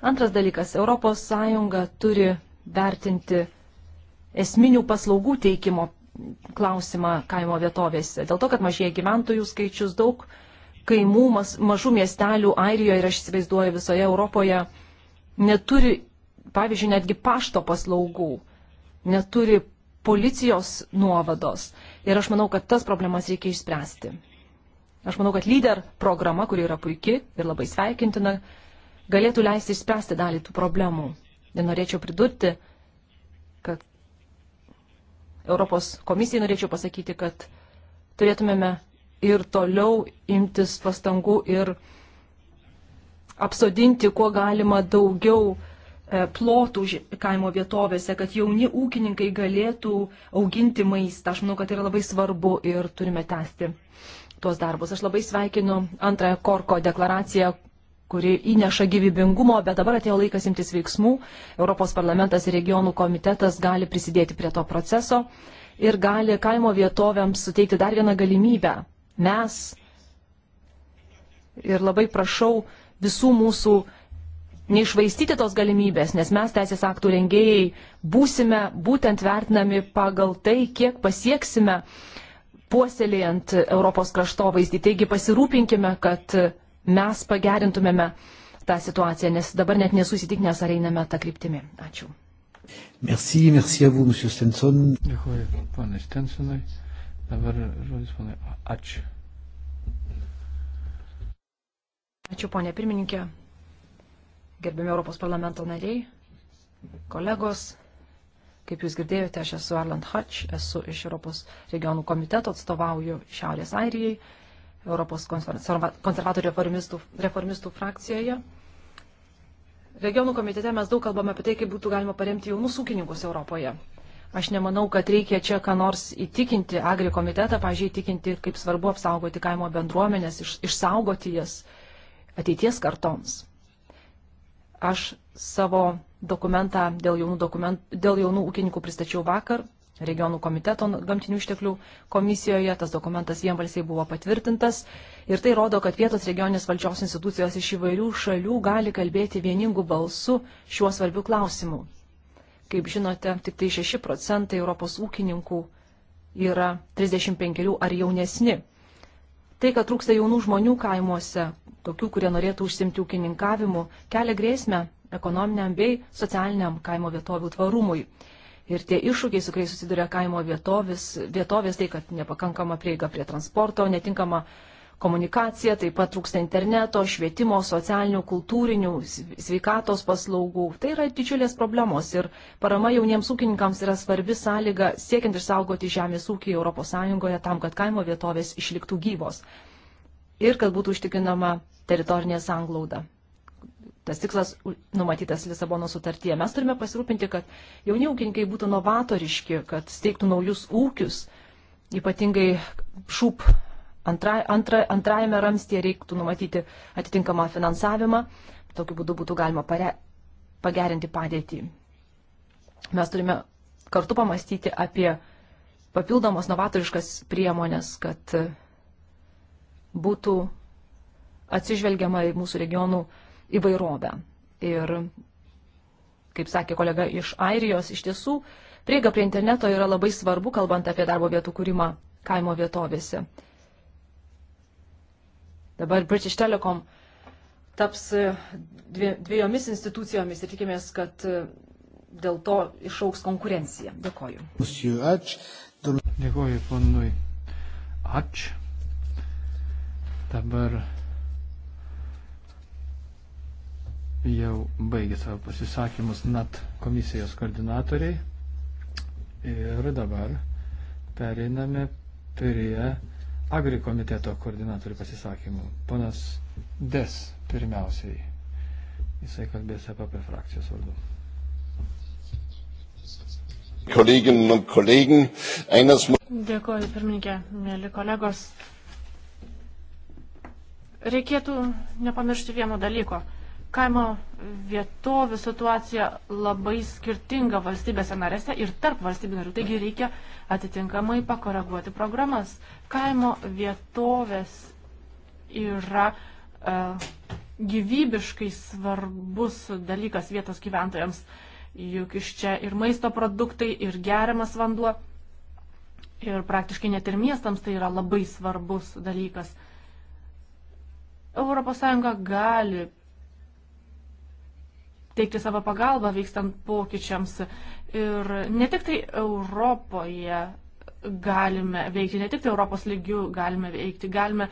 Speaker 2: Antras dalykas, ES turi vertinti esminių paslaugų teikimo klausimą kaimo vietovėse. Dėl to, kad mažėja gyventojų skaičius daug, kaimų, mas, mažų miestelių Airijoje ir aš įsivaizduoju visoje Europoje neturi, pavyzdžiui, netgi pašto paslaugų, neturi policijos nuovados. Ir aš manau, kad tas problemas reikia išspręsti. Aš manau, kad lyder programa, kuri yra puikia ir labai sveikintina, galėtų leisti išspręsti dalį tų problemų. Ir norėčiau pridurti, kad Europos komisijai norėčiau pasakyti, kad turėtumėme ir toliau imtis pastangų ir apsodinti kuo galima daugiau e, plotų kaimo vietovėse, kad jauni ūkininkai galėtų auginti maistą. Aš manau, kad tai yra labai svarbu ir turime tęsti tuos darbus. Aš labai sveikinu antrąją Korko deklaraciją, kuri įneša gyvybingumo, bet dabar atėjo laikas imtis veiksmų. Europos parlamentas ir regionų komitetas gali prisidėti prie to proceso ir gali kaimo vietovėms suteikti dar vieną galimybę. Mes ir labai prašau visų mūsų neišvaistyti tos galimybės, nes mes teisės aktų rengėjai būsime būtent vertinami pagal tai, kiek pasieksime puoselėjant Europos kraštovaizdį. Taigi pasirūpinkime, kad mes pagerintumėme tą situaciją, nes dabar net nesu įsitikinęs, ar einame tą kryptimį. Ačiū.
Speaker 3: Merci, merci à vous, monsieur Stenson. Dėkuoju, ponai Stensonai. Dabar žodis, ponai, ačiū.
Speaker 2: Ačiū, ponė pirmininkė, gerbiami Europos parlamento nariai, kolegos. Kaip jūs girdėjote, aš esu Arland Hutch, esu iš Europos regionų komiteto, atstovauju Šiaurės Airijai. Europos konservatorių reformistų, reformistų frakcijoje. Regionų komitete mes daug kalbame apie tai, kaip būtų galima paremti jaunus ūkininkus Europoje. Aš nemanau, kad reikia čia ką nors įtikinti agri komitetą, pažiūrėjau, įtikinti, kaip svarbu apsaugoti kaimo bendruomenės, iš, išsaugoti jas ateities kartoms. Aš savo dokumentą dėl jaunų, dokument, dėl jaunų ūkininkų pristačiau vakar regionų komiteto gamtinių išteklių komisijoje. Tas dokumentas vienbalsiai buvo patvirtintas ir tai rodo, kad vietos regioninės valdžios institucijos iš įvairių šalių gali kalbėti vieningų balsų šiuo svarbiu klausimu. Kaip žinote, tik tai 6 procentai Europos ūkininkų yra 35 ar jaunesni. Tai, kad trūksta jaunų žmonių kaimuose, tokių, kurie norėtų užsimti ūkininkavimu, kelia grėsmę ekonominiam bei socialiniam kaimo vietovių tvarumui ir tie iššūkiai, su kuriais susiduria kaimo vietovės, vietovės, tai kad nepakankama prieiga prie transporto, netinkama komunikacija, taip pat trūksta interneto, švietimo, socialinių, kultūrinių, sveikatos paslaugų. Tai yra didžiulės problemos ir parama jauniems ūkininkams yra svarbi sąlyga siekiant išsaugoti žemės ūkį ES tam, kad kaimo vietovės išliktų gyvos ir kad būtų užtikrinama teritorinė sanglauda tas tikslas numatytas Lisabono sutartyje. Mes turime pasirūpinti, kad jauni ūkininkai būtų novatoriški, kad steigtų naujus ūkius, ypatingai šūp antra, antra, antrajame ramstie reiktų numatyti atitinkamą finansavimą, tokiu būdu būtų galima pare, pagerinti padėtį. Mes turime kartu pamastyti apie papildomas novatoriškas priemonės, kad būtų atsižvelgiama į mūsų regionų įvairovę. Ir, kaip sakė kolega iš Airijos, iš tiesų prieiga prie interneto yra labai svarbu, kalbant apie darbo vietų kūrimą kaimo vietovėse. Dabar British Telecom taps e, dviejomis institucijomis ir tikimės, kad e, dėl to išauks konkurencija. Dėkoju.
Speaker 3: Dėkoju, ponui. Ačiū. Dabar jau baigė savo pasisakymus NAT komisijos koordinatoriai. Ir dabar pereiname prie Agri komiteto koordinatorių pasisakymų. Ponas Des pirmiausiai. Jisai kalbės apie frakcijos vardu.
Speaker 6: Kolleginnen und Kollegen, eines
Speaker 1: Dėkuoju, pirmininkė, mėly kolegos. Reikėtų nepamiršti vieno dalyko kaimo vietovių situacija labai skirtinga valstybėse narėse ir tarp valstybių narių. Taigi reikia atitinkamai pakoreguoti programas. Kaimo vietovės yra e, gyvybiškai svarbus dalykas vietos gyventojams, juk iš čia ir maisto produktai, ir geriamas vanduo, ir praktiškai net ir miestams tai yra labai svarbus dalykas. ES gali teikti savo pagalbą vykstant pokyčiams. Ir ne tik tai Europoje galime veikti, ne tik tai Europos lygių galime veikti, galime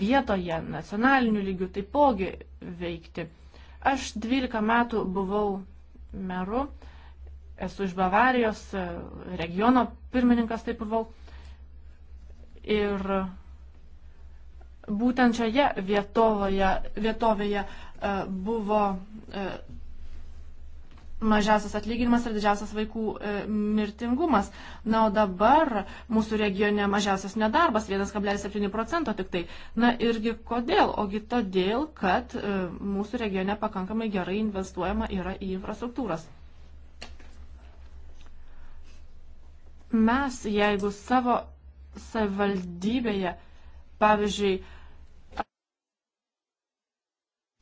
Speaker 1: vietoje, nacionaliniu lygiu taipogi veikti. Aš 12 metų buvau meru, esu iš Bavarijos, regiono pirmininkas taip buvau. Ir būtent šioje vietovoje, vietovėje e, buvo e, mažiausias atlyginimas ir didžiausias vaikų e, mirtingumas. Na, o dabar mūsų regione mažiausias nedarbas 1,7 procento tik tai. Na, irgi kodėl? Ogi todėl, kad e, mūsų regione pakankamai gerai investuojama yra į infrastruktūras. Mes, jeigu savo savivaldybėje, pavyzdžiui,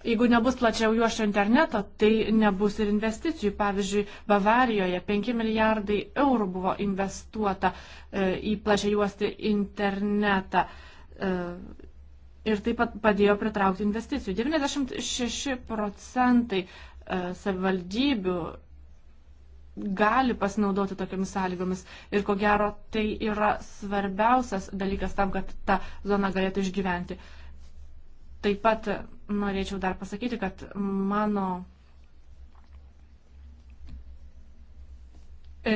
Speaker 1: Jeigu nebus plačiau juošio interneto, tai nebus ir investicijų. Pavyzdžiui, Bavarijoje 5 milijardai eurų buvo investuota e, į plačią juostį internetą. E, ir taip pat padėjo pritraukti investicijų. 96 procentai e, savivaldybių gali pasinaudoti tokiamis sąlygomis. Ir ko gero, tai yra svarbiausias dalykas tam, kad ta zona galėtų išgyventi. E, Taip pat norėčiau dar pasakyti, kad mano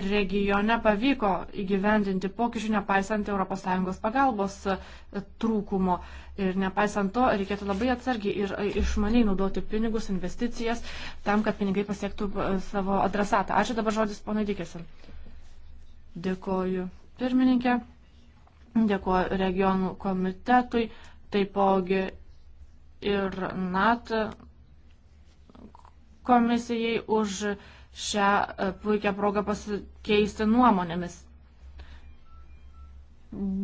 Speaker 1: regione pavyko įgyvendinti pokyčių, nepaisant ES pagalbos trūkumo. Ir nepaisant to, reikėtų labai atsargiai ir išmaniai naudoti pinigus, investicijas, tam, kad pinigai pasiektų savo adresatą. Ačiū dabar žodis ponai Dikėsin. Dėkoju pirmininkė, dėkoju regionų komitetui, taipogi ir NATO komisijai už šią e, puikią progą pasikeisti nuomonėmis.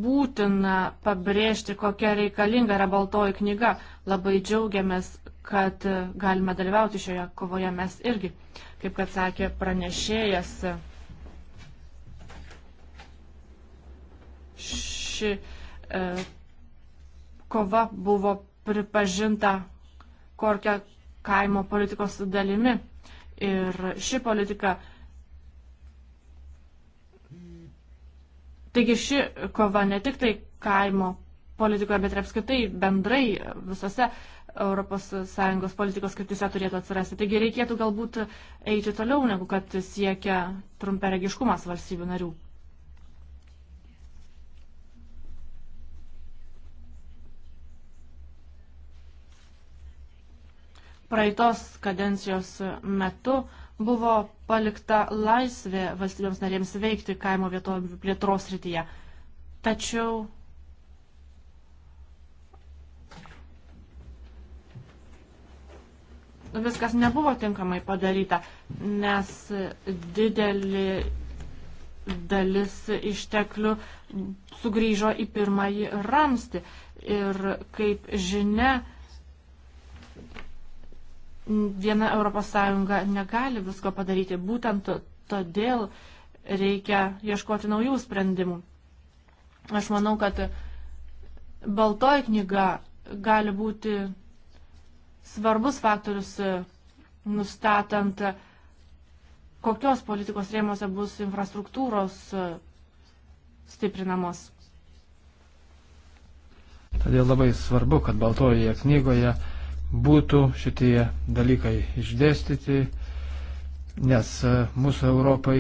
Speaker 1: Būtina pabrėžti, kokia reikalinga yra baltoji knyga. Labai džiaugiamės, kad e, galime dalyvauti šioje kovoje mes irgi. Kaip kad sakė pranešėjas, ši e, kova buvo pripažinta kokia kaimo politikos dalimi. Ir ši politika. Taigi ši kova ne tik tai kaimo politikoje, bet ir apskritai bendrai visose ES politikos kryptise turėtų atsirasti. Taigi reikėtų galbūt eiti toliau, negu kad siekia trumperegiškumas valstybių narių. praeitos kadencijos metu buvo palikta laisvė valstybėms narėms veikti kaimo vietovių plėtros rytyje. Tačiau viskas nebuvo tinkamai padaryta, nes didelį dalis išteklių sugrįžo į pirmąjį ramsti. Ir kaip žinia, viena ES negali visko padaryti. Būtent todėl reikia ieškoti naujų sprendimų. Aš manau, kad baltoji knyga gali būti svarbus faktorius e, nustatant, e, kokios politikos rėmose bus infrastruktūros e, stiprinamos.
Speaker 3: Todėl labai svarbu, kad baltojoje knygoje būtų šitie dalykai išdėstyti, nes e, mūsų Europai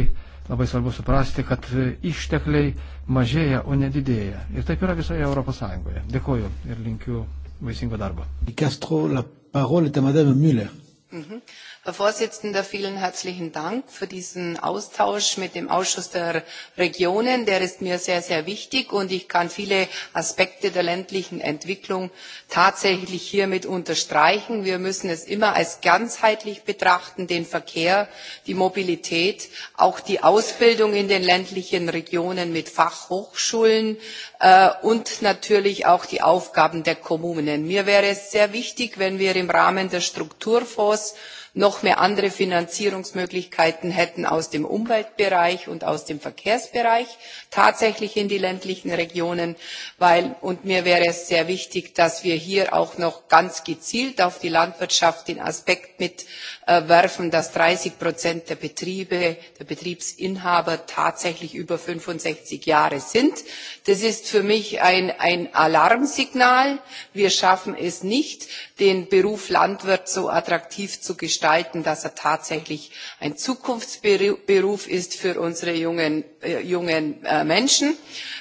Speaker 3: labai svarbu suprasti, kad e, ištekliai mažėja, o nedidėja. Ir taip yra visoje Europos Sąjungoje. Dėkuoju ir linkiu vaisingo darbo. Castro, la parole est à Madame Müller.
Speaker 6: Mm -hmm. Herr Vorsitzender, vielen herzlichen Dank für diesen Austausch mit dem Ausschuss der Regionen. Der ist mir sehr, sehr wichtig und ich kann viele Aspekte der ländlichen Entwicklung tatsächlich hiermit unterstreichen. Wir müssen es immer als ganzheitlich betrachten, den Verkehr, die Mobilität, auch die Ausbildung in den ländlichen Regionen mit Fachhochschulen äh, und natürlich auch die Aufgaben der Kommunen. Mir wäre es sehr wichtig, wenn wir im Rahmen der Strukturfonds noch mehr andere Finanzierungsmöglichkeiten hätten aus dem Umweltbereich und aus dem Verkehrsbereich tatsächlich in die ländlichen Regionen, weil und mir wäre es sehr wichtig, dass wir hier auch noch ganz gezielt auf die Landwirtschaft den Aspekt mit äh, werfen, dass 30 Prozent der Betriebe, der Betriebsinhaber tatsächlich über 65 Jahre sind. Das ist für mich ein, ein Alarmsignal. Wir schaffen es nicht, den Beruf Landwirt so attraktiv zu gestalten gestalten, dass er tatsächlich ein Zukunftsberuf ist für unsere jungen, äh, jungen äh, Menschen.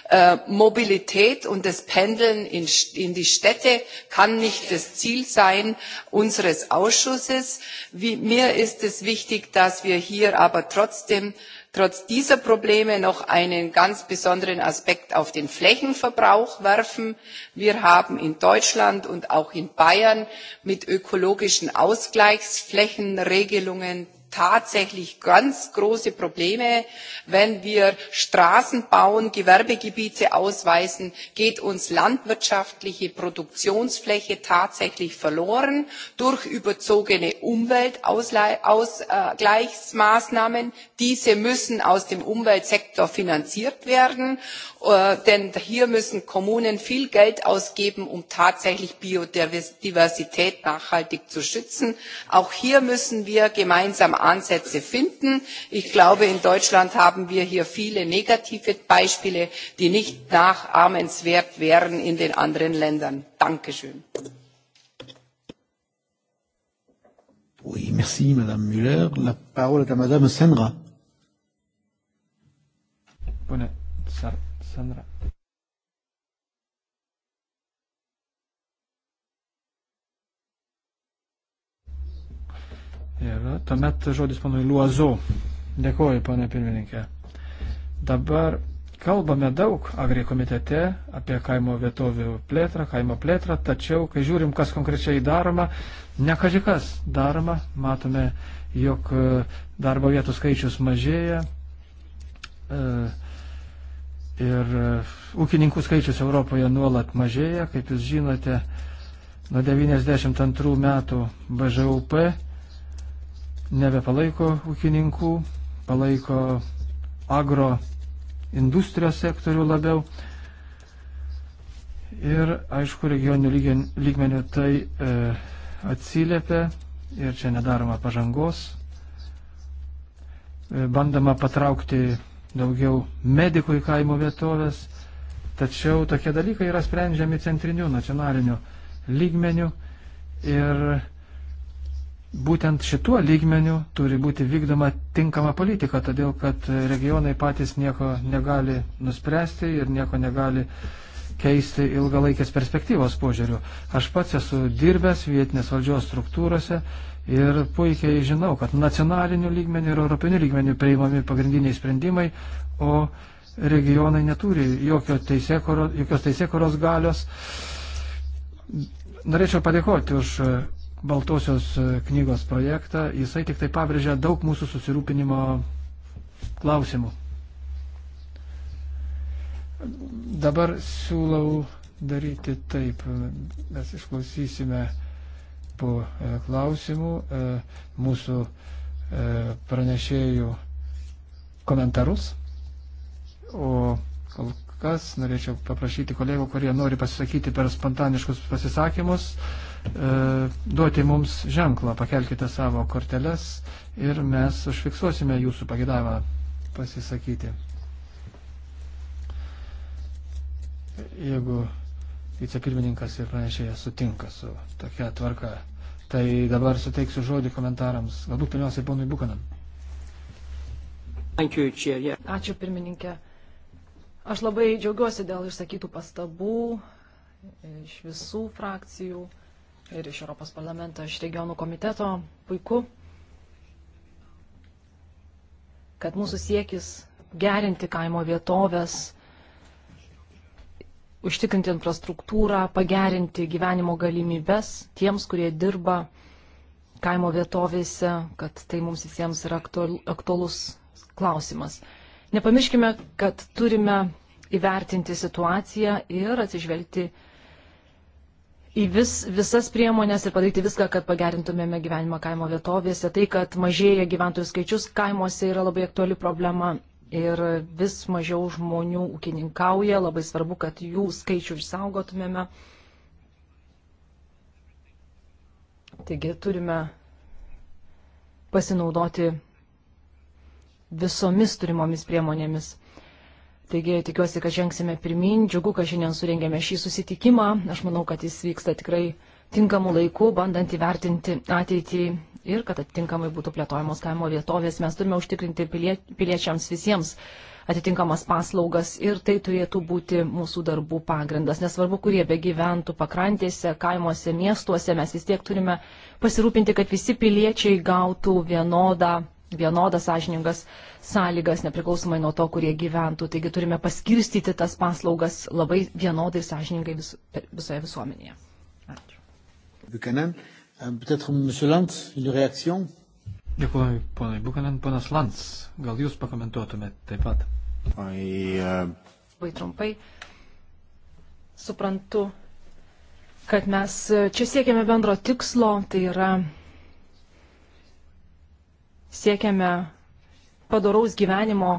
Speaker 6: Äh, Mobilität und das Pendeln in, in die Städte kann nicht das Ziel sein unseres Ausschusses. Wie, mir ist es wichtig, dass wir hier aber trotzdem trotz dieser Probleme noch einen ganz besonderen Aspekt auf den Flächenverbrauch werfen. Wir haben in Deutschland und auch in Bayern mit ökologischen Ausgleichsflächenregelungen tatsächlich ganz große Probleme. Wenn wir Straßen bauen, Gewerbegebiete ausweisen, geht uns landwirtschaftliche Produktionsfläche tatsächlich verloren durch überzogene Umweltausgleichsmaßnahmen. Diese müssen aus dem Umweltsektor finanziert werden, äh, denn hier müssen Kommunen viel Geld ausgeben, um tatsächlich Biodiversität nachhaltig zu schützen. Auch hier müssen wir gemeinsam Ansätze finden. Ich glaube, in Deutschland haben wir hier viele negative Beispiele, die nicht nachahmenswert wären in den anderen Ländern. Dankeschön.
Speaker 3: Oui, merci Madame Müller. La parole est à Madame Senra. Bonne, Sandra. Ir tuomet žodis panui Luozu. Dėkuoju, pana pirmininkė. Dabar kalbame daug agrikomitete apie kaimo vietovių plėtrą, kaimo plėtrą, tačiau, kai žiūrim, kas konkrečiai daroma, ne kažkas daroma, matome, jog e, darbo vietų skaičius mažėja. E, Ir e, ūkininkų skaičius Europoje nuolat mažėja, kaip jūs žinote, nuo 92 metų BŽUP nebepalaiko ūkininkų, palaiko agro industrijos sektorių labiau. Ir aišku, regionių lygmenių tai e, atsiliepia ir čia nedaroma pažangos. E, bandama patraukti daugiau medikų į kaimo vietovės, tačiau tokie dalykai yra sprendžiami centriniu, nacionaliniu lygmeniu ir būtent šituo lygmeniu turi būti vykdoma tinkama politika, todėl kad regionai patys nieko negali nuspręsti ir nieko negali keisti ilgalaikės perspektyvos požiūrių. Aš pats esu dirbęs vietinės valdžios struktūrose ir puikiai žinau, kad nacionaliniu lygmeniu ir europiniu lygmeniu priimami pagrindiniai sprendimai, o regionai neturi jokio teisėkoro, jokios teisėkoros galios. Norėčiau padėkoti už Baltosios e, knygos projektą, jisai tik tai pabrėžia daug mūsų susirūpinimo klausimų. Dabar siūlau daryti taip. Mes išklausysime po e, klausimų e, mūsų pranešėjų komentarus. O kol kas norėčiau paprašyti kolegų, kurie nori pasisakyti per spontaniškus pasisakymus, E, duoti mums ženklą, pakelkite savo korteles ir mes užfiksuosime jūsų pagėdavimą pasisakyti. Jeigu vicepirmininkas ir pranešėjas sutinka su tokia tvarka, tai dabar suteiksiu žodį komentarams, galbūt pirmiausiai ponui Bukanam.
Speaker 2: Ačiū pirmininkė. Aš labai džiaugiuosi dėl išsakytų pastabų iš visų frakcijų ir iš Europos parlamento, iš regionų komiteto. Puiku, kad mūsų siekis gerinti kaimo vietovės, užtikrinti infrastruktūrą, pagerinti gyvenimo galimybes tiems, kurie dirba kaimo vietovėse, kad tai mums visiems yra aktualus klausimas. Nepamirškime, kad turime įvertinti situaciją ir atsižvelgti į į vis, visas priemonės ir padaryti viską, kad pagerintumėme gyvenimą kaimo vietovėse. Tai, kad mažėja gyventojų skaičius kaimuose yra labai aktuali problema ir vis mažiau žmonių ūkininkauja. Labai svarbu, kad jų skaičių išsaugotumėme. Taigi turime pasinaudoti visomis turimomis priemonėmis. Taigi tikiuosi, kad žengsime pirmin. Džiugu, kad šiandien surengėme šį susitikimą. Aš manau, kad jis vyksta tikrai tinkamu laiku, bandant įvertinti ateitį ir kad atitinkamai būtų plėtojamos kaimo vietovės. Mes turime užtikrinti pilie, piliečiams visiems atitinkamas paslaugas ir tai turėtų būti mūsų darbų pagrindas. Nesvarbu, kurie begyventų pakrantėse, kaimuose, miestuose, mes vis tiek turime pasirūpinti, kad visi piliečiai gautų vienodą vienodas sąžiningas sąlygas, nepriklausomai nuo to, kurie gyventų. Taigi turime paskirstyti tas paslaugas labai vienodai ir sąžiningai vis, visoje visuomenėje.
Speaker 3: Ačiū. Euh, Dėkuoju, ponai Bukanen, ponas Lans, gal jūs pakomentuotumėte taip pat?
Speaker 4: Euh,
Speaker 2: labai trumpai. Suprantu, kad mes euh, čia siekiame bendro tikslo, tai yra siekiame padoraus gyvenimo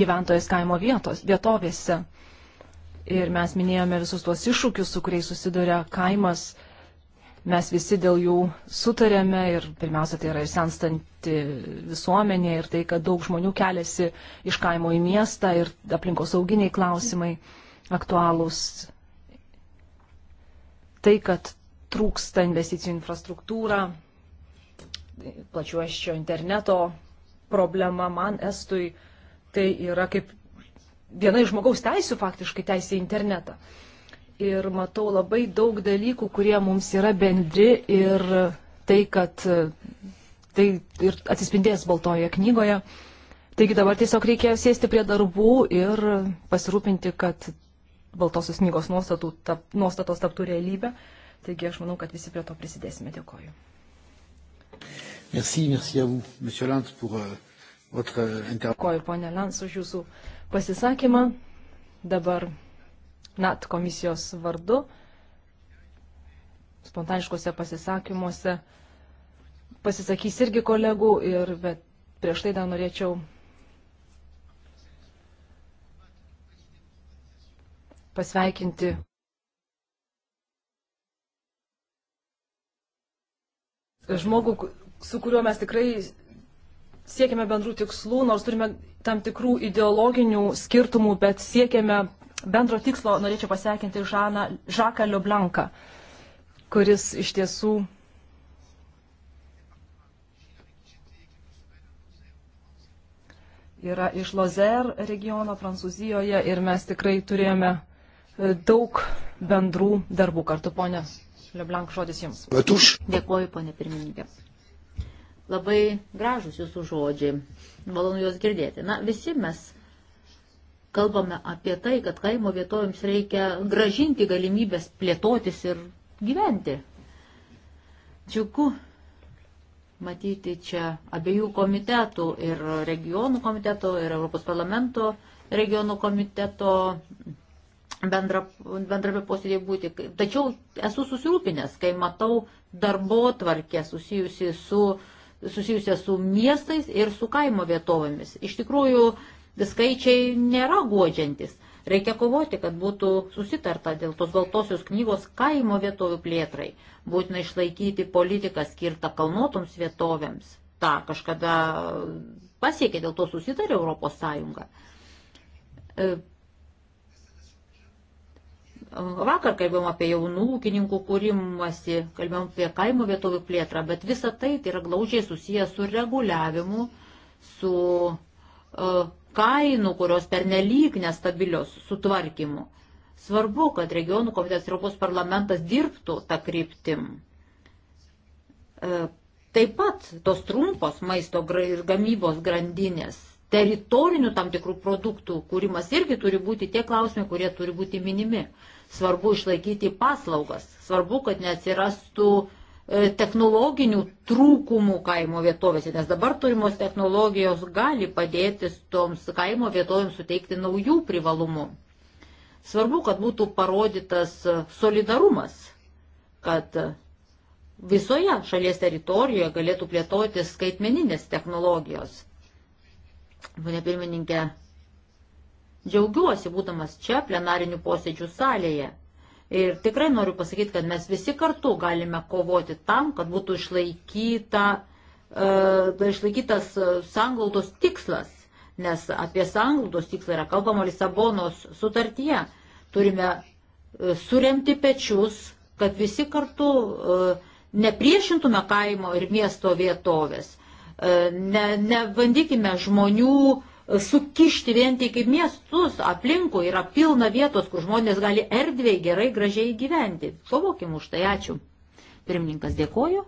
Speaker 2: gyventojas kaimo vietos, vietovėse. Ir mes minėjome visus tuos iššūkius, su kuriais susiduria kaimas. Mes visi dėl jų sutarėme ir pirmiausia tai yra ir senstanti visuomenė ir tai, kad daug žmonių keliasi iš kaimo į miestą ir aplinkosauginiai klausimai aktualūs. Tai, kad trūksta investicijų infrastruktūra, plačiuoščio interneto problema man Estui tai yra kaip viena iš žmogaus teisų faktiškai teisė į internetą. Ir matau labai daug dalykų, kurie mums yra bendri ir tai, kad tai ir atsispindės baltoje knygoje. Taigi dabar tiesiog reikėjo sėsti prie darbų ir pasirūpinti, kad baltosios knygos nuostatų, tap, nuostatos taptų realybę. Taigi aš manau, kad visi prie to prisidėsime. Dėkoju. Merci, merci à vous, monsieur Lantz, pour uh, votre euh, intervention. Dėkoju, ponė Lantz, už jūsų pasisakymą. Dabar NAT komisijos vardu, spontaniškose pasisakymuose pasisakys irgi kolegų, ir, bet prieš tai dar norėčiau pasveikinti žmogų, su kuriuo mes tikrai siekiame bendrų tikslų, nors turime tam tikrų ideologinių skirtumų, bet siekiame bendro tikslo. Norėčiau pasveikinti Žaną, Žaką Liublanką, kuris iš tiesų yra iš Lozer regiono Prancūzijoje ir mes tikrai turėjome e, daug bendrų darbų kartu, ponė. Leblanc, žodis Jums. Patuš. Dėkuoju, ponė pirmininkė.
Speaker 5: Labai gražus jūsų žodžiai. Malonu juos girdėti. Na, visi mes kalbame apie tai, kad kaimo vietovėms reikia gražinti galimybės plėtotis ir gyventi. Džiugu matyti čia abiejų komitetų ir regionų komiteto ir Europos parlamento regionų komiteto bendra, bendrame posėdėje būti. Tačiau esu susirūpinęs, kai matau darbo tvarkę susijusi su uh, susijusią su miestais ir su kaimo vietovėmis. Iš tikrųjų, skaičiai nėra guodžiantis. Reikia kovoti, kad būtų susitarta dėl tos baltosios knygos kaimo vietovių plėtrai. Būtina išlaikyti politiką skirtą kalnotoms vietovėms. Ta kažkada pasiekė, dėl to susitarė Europos Sąjunga. E, Vakar kalbėjom apie jaunų ūkininkų kūrimasi, kalbėjom apie kaimo vietovių plėtrą, bet visa tai, tai yra glaužiai susiję su reguliavimu, su uh, kainų, kurios pernelyg nestabilios, sutvarkymu. Svarbu, kad regionų komitetas ir Europos parlamentas dirbtų tą kryptim. Uh, taip pat tos trumpos maisto ir gamybos grandinės teritorinių tam tikrų produktų kūrimas irgi turi būti tie klausimai, kurie turi būti minimi. Svarbu išlaikyti paslaugas, svarbu, kad neatsirastų e, technologinių trūkumų kaimo vietovėse, nes dabar turimos technologijos gali padėti toms kaimo vietovėms suteikti naujų privalumų. Svarbu, kad būtų parodytas solidarumas, kad visoje šalies teritorijoje galėtų plėtoti skaitmeninės technologijos. Pane pirmininkė, Džiaugiuosi būdamas čia plenarinių posėdžių salėje. Ir tikrai noriu pasakyti, kad mes visi kartu galime kovoti tam, kad būtų išlaikyta, uh, išlaikytas e, sanglaudos tikslas, nes apie sanglaudos tikslą yra kalbama Lisabonos sutartyje. Turime uh, suremti pečius, kad visi kartu uh, nepriešintume kaimo ir miesto vietovės, uh, ne, nebandykime žmonių uh, sukišti vien tik į miestus aplinkų, yra pilna vietos, kur žmonės gali erdviai gerai gražiai gyventi. Kovokim už tai, ačiū. Pirmininkas dėkoju,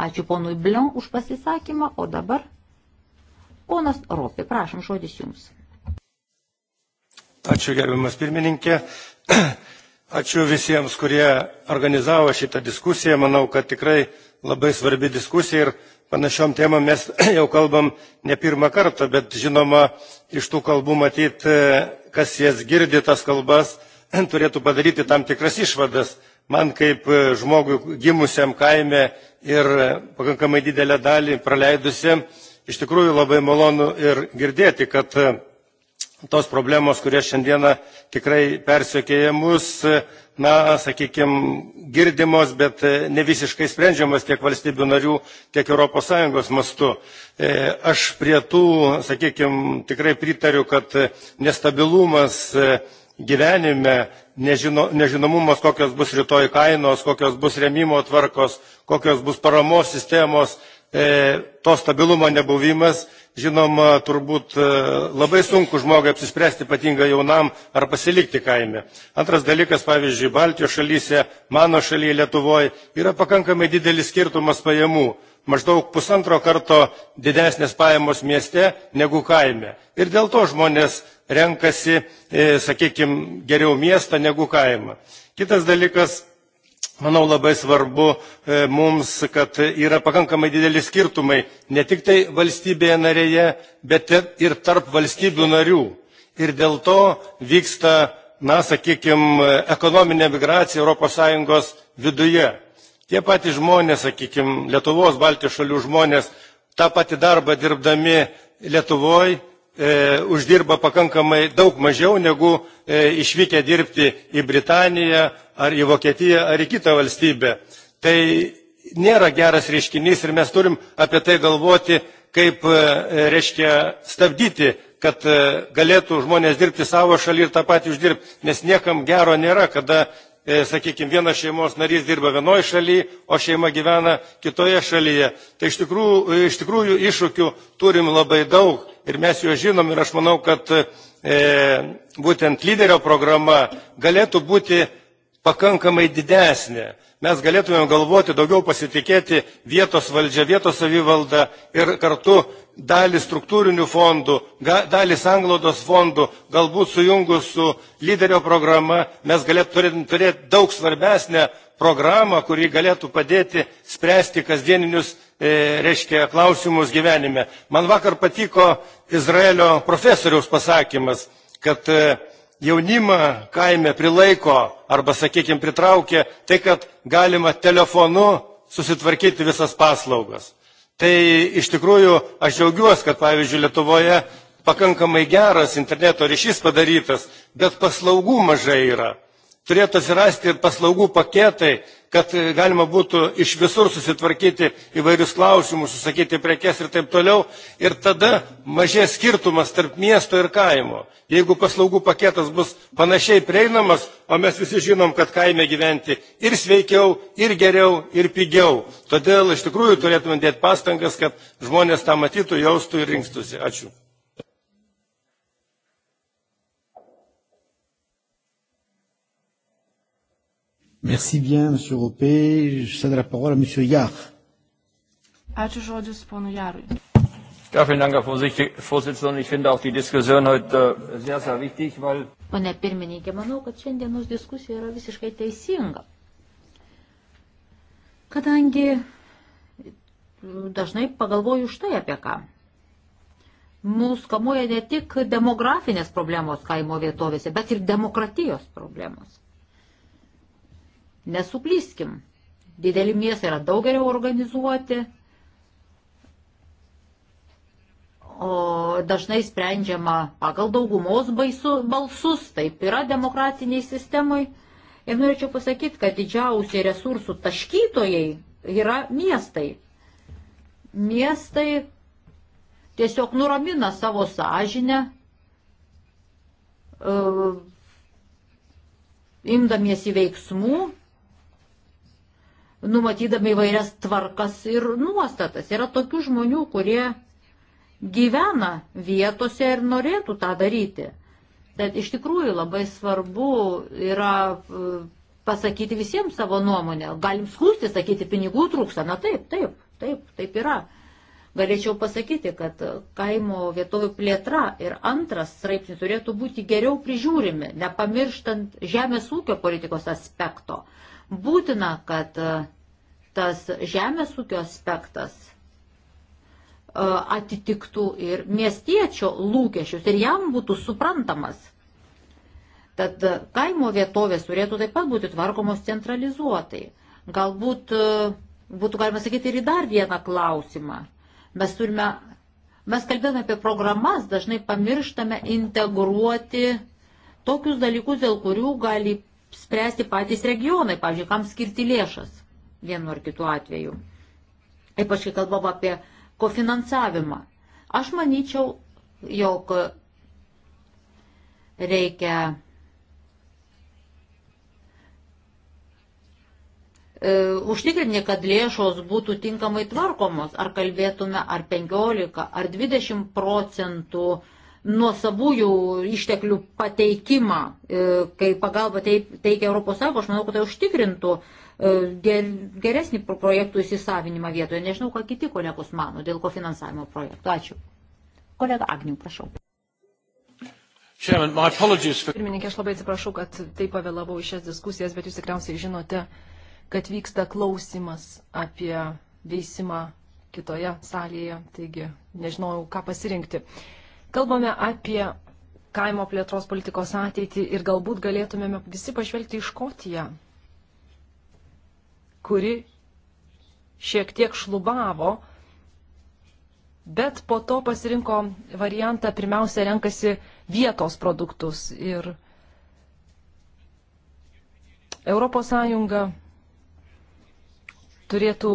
Speaker 5: ačiū ponui Blion už pasisakymą, o dabar ponas Ropė, prašom žodis jums.
Speaker 4: Ačiū gerbiamas pirmininkė. Ačiū visiems, kurie organizavo šitą diskusiją. Manau, kad tikrai labai svarbi diskusija ir panašiom temom mes jau kalbam ne pirmą kartą, bet žinoma, iš tų kalbų matyti, e, kas jas girdi, tas kalbas, turėtų padaryti tam tikras išvadas. Man kaip e, žmogui gimusiam kaime ir e, pakankamai didelę dalį praleidusiam, iš tikrųjų labai malonu ir girdėti, kad tos problemos, kurie šiandieną tikrai persiekėja mus, na, sakykime, girdimos, bet e, ne visiškai sprendžiamos tiek valstybių narių, tiek ES mastu. E, aš prie tų, sakykime, tikrai pritariu, kad nestabilumas e, gyvenime, nežino, nežinomumas, kokios bus rytoj kainos, kokios bus remimo tvarkos, kokios bus paramos sistemos, E, to stabilumo nebuvimas, žinoma, turbūt e, labai sunku žmogui apsispręsti, ypatingai jaunam, ar pasilikti kaime. Antras dalykas, pavyzdžiui, Baltijos šalyse, mano šalyje Lietuvoje yra pakankamai didelis skirtumas pajamų maždaug pusantro karto didesnės pajamos mieste negu kaime. Ir dėl to žmonės renkasi, e, sakykime, geriau miestą negu kaimą. Kitas dalykas manau labai svarbu e, mums kad yra pakankamai dideli skirtumai ne tik tai valstybėje narėje bet ir tarp valstybių narių ir dėl to vyksta na sakykime ekonominė migracija europos sąjungos viduje tie patys žmonės sakykime lietuvos baltijos šalių žmonės tą patį darbą dirbdami lietuvoj e, uždirba pakankamai daug mažiau negu e, išvykę dirbti į Britaniją ar į Vokietiją, ar į kitą valstybę. Tai nėra geras reiškinys ir mes turim apie tai galvoti, kaip e, reiškia stabdyti, kad e, galėtų žmonės dirbti savo šalį ir tą patį uždirbti, nes niekam gero nėra, kada, e, sakykime, vienas šeimos narys dirba vienoje šalyje, o šeima gyvena kitoje šalyje. Tai iš tikrųjų, iš tikrųjų iššūkių turim labai daug ir mes juos žinom ir aš manau, kad e, būtent lyderio programa galėtų būti pakankamai didesnė. Mes galėtume galvoti daugiau pasitikėti vietos valdžia, vietos savivalda ir kartu dalį struktūrinių fondų, dalį sanglaudos fondų, galbūt sujungus su lyderio programa, mes galėtume turėti daug svarbesnę programą, kuri galėtų padėti spręsti kasdieninius e, reiškia klausimus gyvenime. Man vakar patiko Izraelio profesoriaus pasakymas, kad e, jaunimą kaime prilaiko arba, sakykime, pritraukia tai, kad galima telefonu susitvarkyti visas paslaugas. Tai iš tikrųjų aš džiaugiuosi, kad pavyzdžiui Lietuvoje pakankamai geras interneto ryšys padarytas, bet paslaugų mažai yra turėtų atsirasti paslaugų paketai, kad e, galima būtų iš visur susitvarkyti įvairius klausimus, susakyti prekes ir taip toliau. Ir tada mažė skirtumas tarp miesto ir kaimo. Jeigu paslaugų paketas bus panašiai prieinamas, o mes visi žinom, kad kaime gyventi ir sveikiau, ir geriau, ir pigiau. Todėl iš tikrųjų turėtume dėti pastangas, kad žmonės tą matytų, jaustų ir rinkstųsi. Ačiū. Merci bien, Monsieur Ropé. Je cède la parole à Monsieur Jarre.
Speaker 1: Ačiū žodžius ponu Jarui.
Speaker 3: Ja, vielen Dank, Herr Vorsitzender. Ich finde auch die Diskussion heute äh, sehr, sehr wichtig, weil...
Speaker 5: Pone pirmininkė, manau, kad šiandienos diskusija yra visiškai teisinga. Kadangi dažnai pagalvoju štai apie ką. Mūsų kamuoja ne tik demografinės problemos kaimo vietovėse, bet ir demokratijos problemos nesuklyskim. Dideli miestai yra daug geriau organizuoti, o dažnai sprendžiama pagal daugumos baisu, balsus, taip yra demokratiniai sistemai. Ir norėčiau pasakyti, kad didžiausiai resursų taškytojai yra miestai. Miestai tiesiog nuramina savo sąžinę, e, imdamiesi veiksmų numatydami įvairias tvarkas ir nuostatas. Yra tokių žmonių, kurie gyvena vietose ir norėtų tą daryti. Tad iš tikrųjų labai svarbu yra e, pasakyti visiems savo nuomonę. Galim skūsti, sakyti, pinigų trūksta. Na taip, taip, taip, taip yra. Galėčiau pasakyti, kad kaimo vietovių plėtra ir antras straipsnis turėtų būti geriau prižiūrimi, nepamirštant žemės ūkio politikos aspekto. Būtina, kad e, tas žemės ūkio aspektas e, atitiktų ir miestiečio lūkesčius ir jam būtų suprantamas. Tad e, kaimo vietovės turėtų taip pat būti tvarkomos centralizuotai. Galbūt būtų galima sakyti ir į dar vieną klausimą. Mes turime, mes kalbėdami apie programas dažnai pamirštame integruoti tokius dalykus, dėl kurių gali spręsti patys regionai, pavyzdžiui, kam skirti lėšas vienu ar kitu atveju. Ypač, kai kalbam apie kofinansavimą. Aš manyčiau, jog reikia e, užtikrinti, kad lėšos būtų tinkamai tvarkomos, ar kalbėtume ar 15, ar 20 procentų uh, nuosavųjų išteklių pateikimą, e, kai pagalba teikia ES, aš manau, kad tai užtikrintų e, geresnį projektų įsisavinimą vietoje. Nežinau, ką kiti kolegos mano dėl kofinansavimo projektų.
Speaker 2: Ačiū. Kolega Agnių, prašau. Pirmininkė, aš labai atsiprašau, kad taip pavėlavau į šias diskusijas, bet jūs tikriausiai žinote, kad vyksta klausimas apie veisimą kitoje salėje, taigi nežinojau, ką pasirinkti. Uh, Kalbame apie kaimo plėtros politikos ateitį ir galbūt galėtumėme visi pažvelgti į Škotiją, kuri šiek tiek šlubavo, bet po to pasirinko variantą, pirmiausia, renkasi vietos produktus ir ES turėtų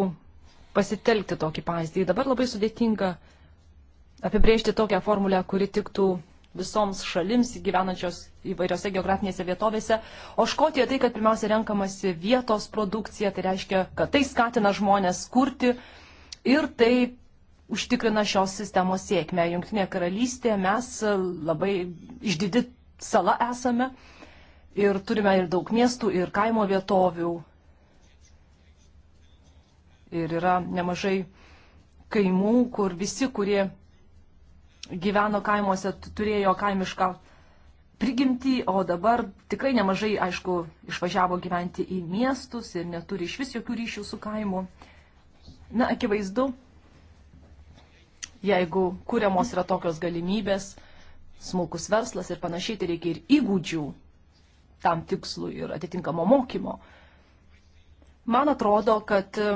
Speaker 2: pasitelkti tokį pavyzdį. Dabar labai sudėtinga apibrėžti tokią formulę, kuri tiktų visoms šalims gyvenančios įvairiose geografinėse vietovėse. O Škotijoje tai, kad pirmiausia renkamasi vietos produkcija, tai reiškia, kad tai skatina žmonės kurti ir tai užtikrina šios sistemos sėkmę. Junktinė karalystė mes labai išdidi sala esame ir turime ir daug miestų, ir kaimo vietovių. Ir yra nemažai kaimų, kur visi, kurie gyveno kaimuose, turėjo kaimišką prigimtį, o dabar tikrai nemažai, aišku, išvažiavo gyventi į miestus ir neturi iš vis jokių ryšių su kaimu. Na, akivaizdu, jeigu kūriamos yra tokios galimybės, smulkus verslas ir panašiai, tai reikia ir įgūdžių tam tikslui ir atitinkamo mokymo. Man atrodo, kad e,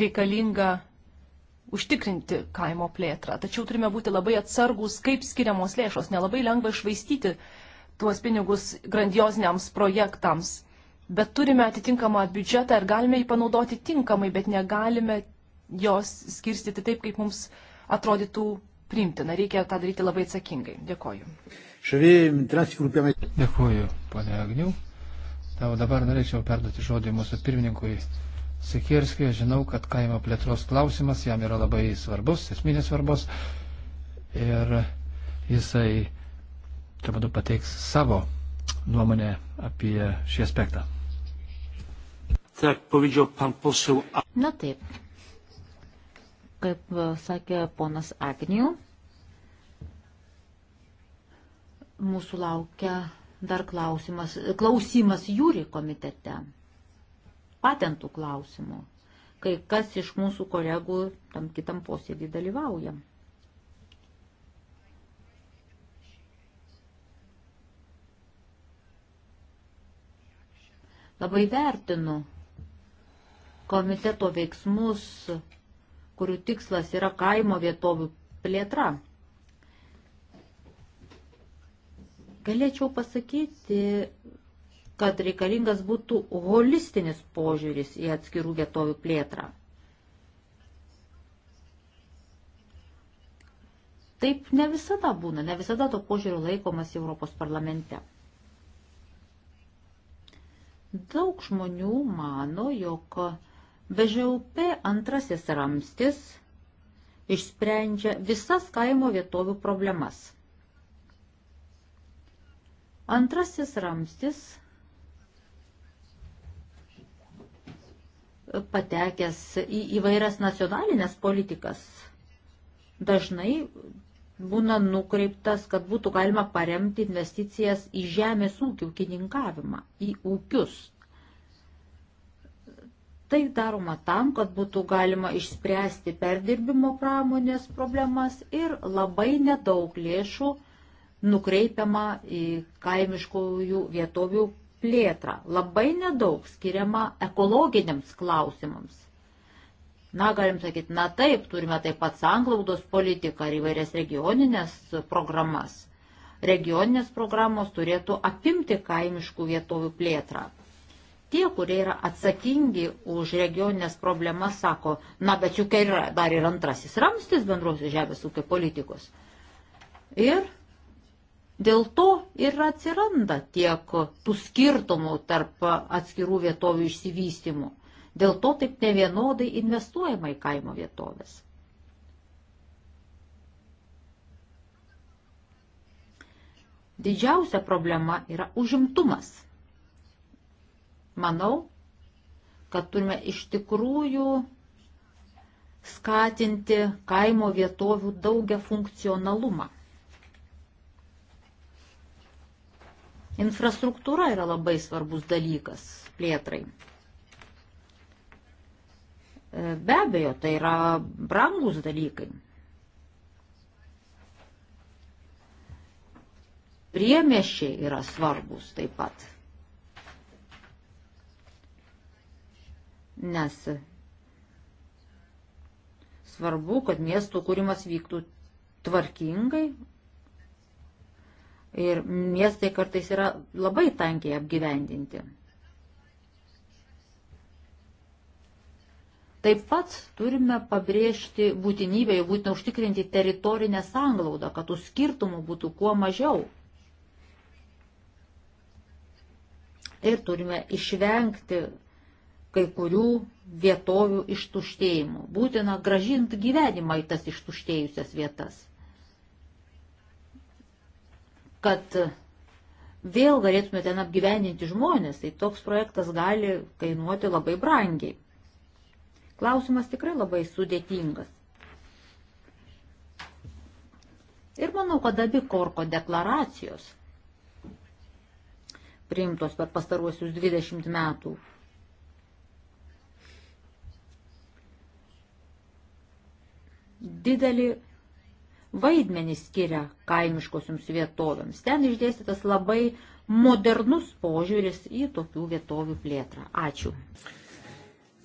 Speaker 2: reikalinga užtikrinti kaimo plėtrą. Tačiau turime būti labai atsargus, kaip skiriamos lėšos. Nelabai lengva išvaistyti tuos pinigus grandioziniams projektams. Bet turime atitinkamą biudžetą ir galime jį panaudoti tinkamai, bet negalime jos skirstyti taip, kaip mums atrodytų priimtina. Reikia tą daryti labai atsakingai. Dėkoju.
Speaker 3: Dėkoju, pane Agniu. Tau dabar norėčiau perduoti žodį mūsų pirmininkui Sikirskį, žinau, kad kaimo plėtros klausimas jam yra labai svarbus, esminės svarbus. Ir jisai, turbūt, pateiks savo nuomonę apie šį aspektą.
Speaker 5: Na taip. Kaip e, sakė ponas Agnių, mūsų laukia dar klausimas, klausimas jūri komitete patentų klausimų, kai kas iš mūsų kolegų tam kitam posėdį dalyvauja. Labai vertinu komiteto veiksmus, kurių tikslas yra kaimo vietovių plėtra. Galėčiau pasakyti, kad reikalingas būtų holistinis požiūris į atskirų vietovių plėtrą. Taip ne visada būna, ne visada to požiūrio laikomas Europos parlamente. Daug žmonių mano, jog BŽUP antrasis ramstis išsprendžia visas kaimo vietovių problemas. Antrasis ramstis – patekęs į įvairias nacionalinės politikas, dažnai būna nukreiptas, kad būtų galima paremti investicijas į žemės ūkių kininkavimą, į ūkius. Tai daroma tam, kad būtų galima išspręsti perdirbimo pramonės problemas ir labai nedaug lėšų nukreipiama į kaimiškųjų vietovių plėtrą. Labai nedaug skiriama ekologiniams klausimams. Na, galim sakyti, na taip, turime taip pat sanglaudos politiką ir įvairias regioninės programas. Regioninės programos turėtų apimti kaimiškų vietovių plėtrą. Tie, kurie yra atsakingi už regioninės problemas, sako, na, bet juk yra dar ir antrasis ramstis bendrosios žemės ūkio politikos. Ir Dėl to ir atsiranda tiek tų skirtumų tarp atskirų vietovių išsivystimų. Dėl to taip nevienodai investuojama į kaimo vietovės. Didžiausia problema yra užimtumas. Manau, kad turime iš tikrųjų skatinti kaimo vietovių daugia funkcionalumą. Infrastruktūra yra labai svarbus dalykas plėtrai. E, be abejo, tai yra brangus dalykai. Priemiešiai yra svarbus taip pat. Nes svarbu, kad miestų kūrimas vyktų tvarkingai, ir miestai kartais yra labai tankiai apgyvendinti. Taip pat turime pabrėžti būtinybę, jau būtina užtikrinti teritorinę sanglaudą, kad tų skirtumų būtų kuo mažiau. Ir turime išvengti kai kurių vietovių ištuštėjimų. Būtina gražinti gyvenimą į tas ištuštėjusias vietas kad vėl galėtume ten apgyveninti žmonės, tai toks projektas gali kainuoti labai brangiai. Klausimas tikrai labai sudėtingas. Ir manau, kad abi korko deklaracijos, priimtos per pastaruosius 20 metų, didelį vaidmenį skiria kaimiškosioms vietovėms. Ten išdėstytas labai modernus požiūris į tokių vietovių plėtrą. Ačiū.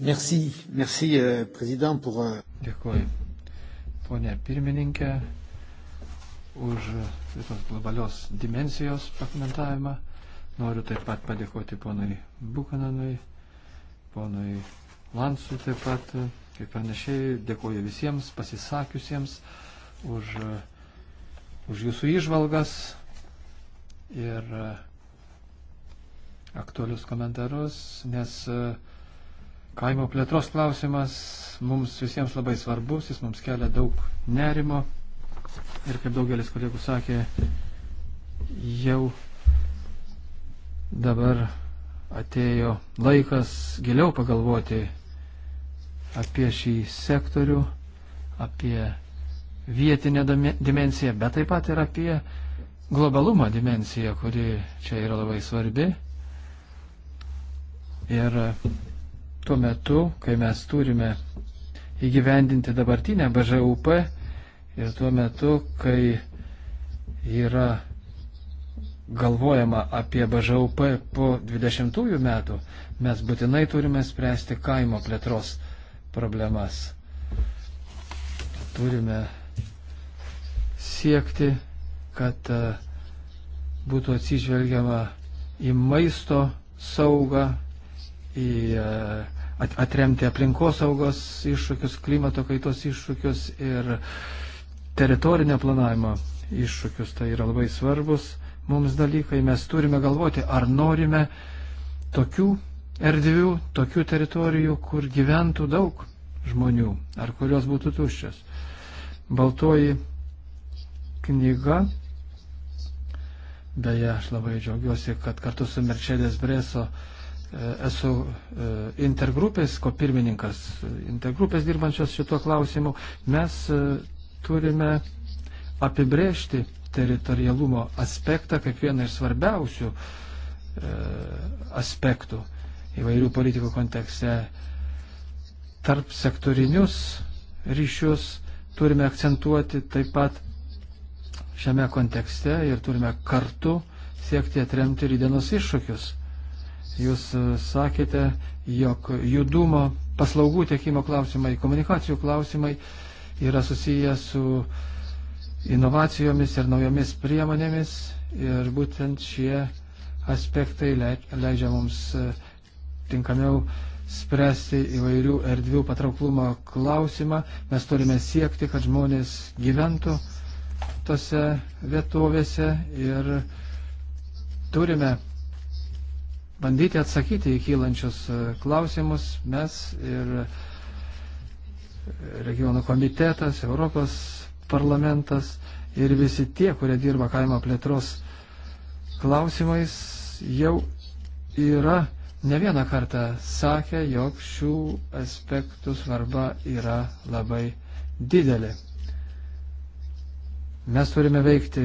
Speaker 3: Merci, merci, euh, prezident, pour... Euh, Dėkuoju. Pone pirmininkė, už visos globalios dimensijos pakomentavimą. Noriu taip pat padėkoti ponui Bukananui, ponui Lansui taip pat, kaip pranešėjai, dėkoju visiems pasisakiusiems už, už jūsų išvalgas ir e, aktualius komentarus, nes e, kaimo plėtros klausimas mums visiems labai svarbus, jis mums kelia daug nerimo ir kaip daugelis kolegų sakė, jau dabar atėjo laikas giliau pagalvoti apie šį sektorių, apie vietinę dimenciją, bet taip pat ir apie globalumo dimenciją, kuri čia yra labai svarbi. Ir tuo metu, kai mes turime įgyvendinti dabartinę BŽUP ir tuo metu, kai yra galvojama apie BŽUP po 20 metų, mes būtinai turime spręsti kaimo plėtros problemas. Turime siekti, kad e, būtų atsižvelgiama į maisto saugą, į e, atremti aplinkosaugos iššūkius, klimato kaitos iššūkius ir teritorinio planavimo iššūkius. Tai yra labai svarbus mums dalykai. Mes turime galvoti, ar norime tokių erdvių, tokių teritorijų, kur gyventų daug žmonių, ar kurios būtų tuščios. Baltoji knyga. Beje, aš labai džiaugiuosi, kad kartu su Mercedes Breso e, esu e, intergrupės, ko pirmininkas intergrupės dirbančios šituo klausimu. Mes e, turime apibrėžti teritorialumo aspektą kaip vieną iš svarbiausių aspektų įvairių politikų kontekste. Tarp sektorinius ryšius turime akcentuoti taip pat šiame kontekste ir turime kartu siekti atremti rydienos iššūkius. Jūs e, sakėte, jog judumo paslaugų tiekimo klausimai, komunikacijų klausimai yra susiję su inovacijomis ir naujomis priemonėmis ir būtent šie aspektai leidžia mums e, tinkamiau spręsti įvairių erdvių patrauklumo klausimą. Mes turime siekti, kad žmonės gyventų tose vietovėse ir turime bandyti atsakyti į kylančius e, klausimus mes ir regionų komitetas, Europos parlamentas ir visi tie, kurie dirba kaimo plėtros klausimais, jau yra ne vieną kartą sakę, jog šių aspektų svarba yra labai didelė. Mes turime veikti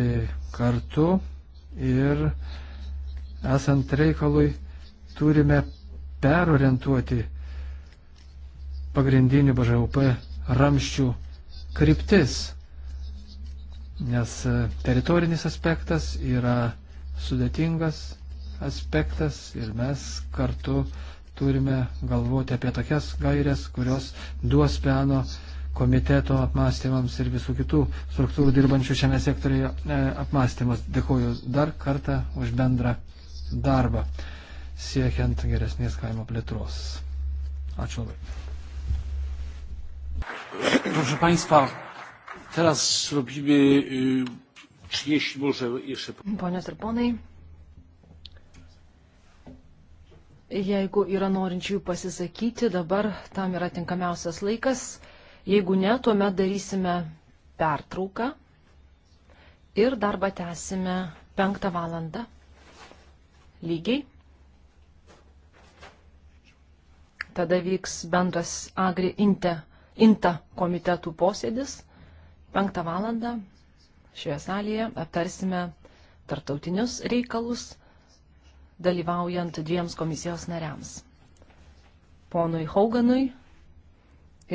Speaker 3: kartu ir esant reikalui turime perorientuoti pagrindinių BŽUP ramščių kryptis, nes teritorinis aspektas yra sudėtingas aspektas ir mes kartu turime galvoti apie tokias gairias, kurios duos peno komiteto apmąstymams ir visų kitų struktūrų dirbančių šiame sektorėje e, apmąstymas. Dėkuoju dar kartą už bendrą darbą siekiant geresnės kaimo plėtros. Ačiū labai. Proszę Państwa,
Speaker 4: teraz robimy, czy jeśli może jeszcze...
Speaker 2: Ponios ir ponai, jeigu yra norinčių pasisakyti, dabar tam yra tinkamiausias laikas. Jeigu ne, tuomet darysime pertrauką ir darbą tęsime 5 valandą lygiai. Tada vyks bendras Agri Inte, Inta komitetų posėdis. 5 valandą šioje salėje aptarsime tartautinius reikalus, dalyvaujant dviems komisijos nariams. Ponui Hauganui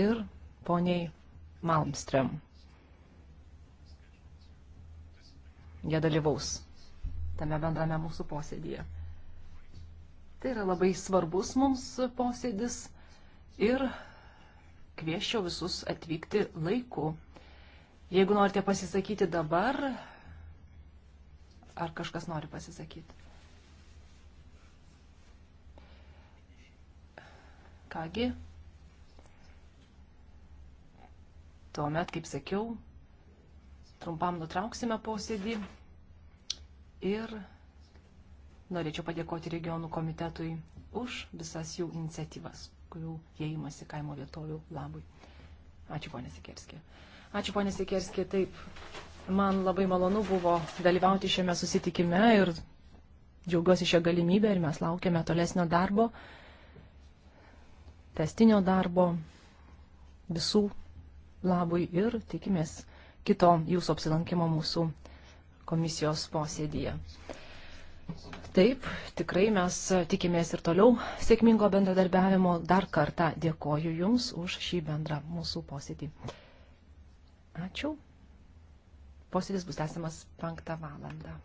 Speaker 2: ir poniai Malmström. Jie dalyvaus tame bendrame mūsų posėdėje. Tai yra labai svarbus mums posėdis ir kvieščiau visus atvykti laiku. Jeigu norite pasisakyti dabar, ar kažkas nori pasisakyti? Kągi, Tuomet, kaip sakiau, trumpam nutrauksime posėdį ir norėčiau padėkoti regionų komitetui už visas jų iniciatyvas, kurių jie įmasi kaimo vietovių labui. Ačiū, ponė Sikerskė. Ačiū, ponė Sikerskė. Taip, man labai malonu buvo dalyvauti šiame susitikime ir džiaugiuosi šią galimybę ir mes laukiame tolesnio darbo, testinio darbo visų labui ir tikimės kito jūsų apsilankimo mūsų komisijos posėdyje. Taip, tikrai mes tikimės ir toliau sėkmingo bendradarbiavimo. Dar kartą dėkoju Jums už šį bendrą mūsų posėdį. Ačiū. Posėdis bus tęsiamas penktą valandą.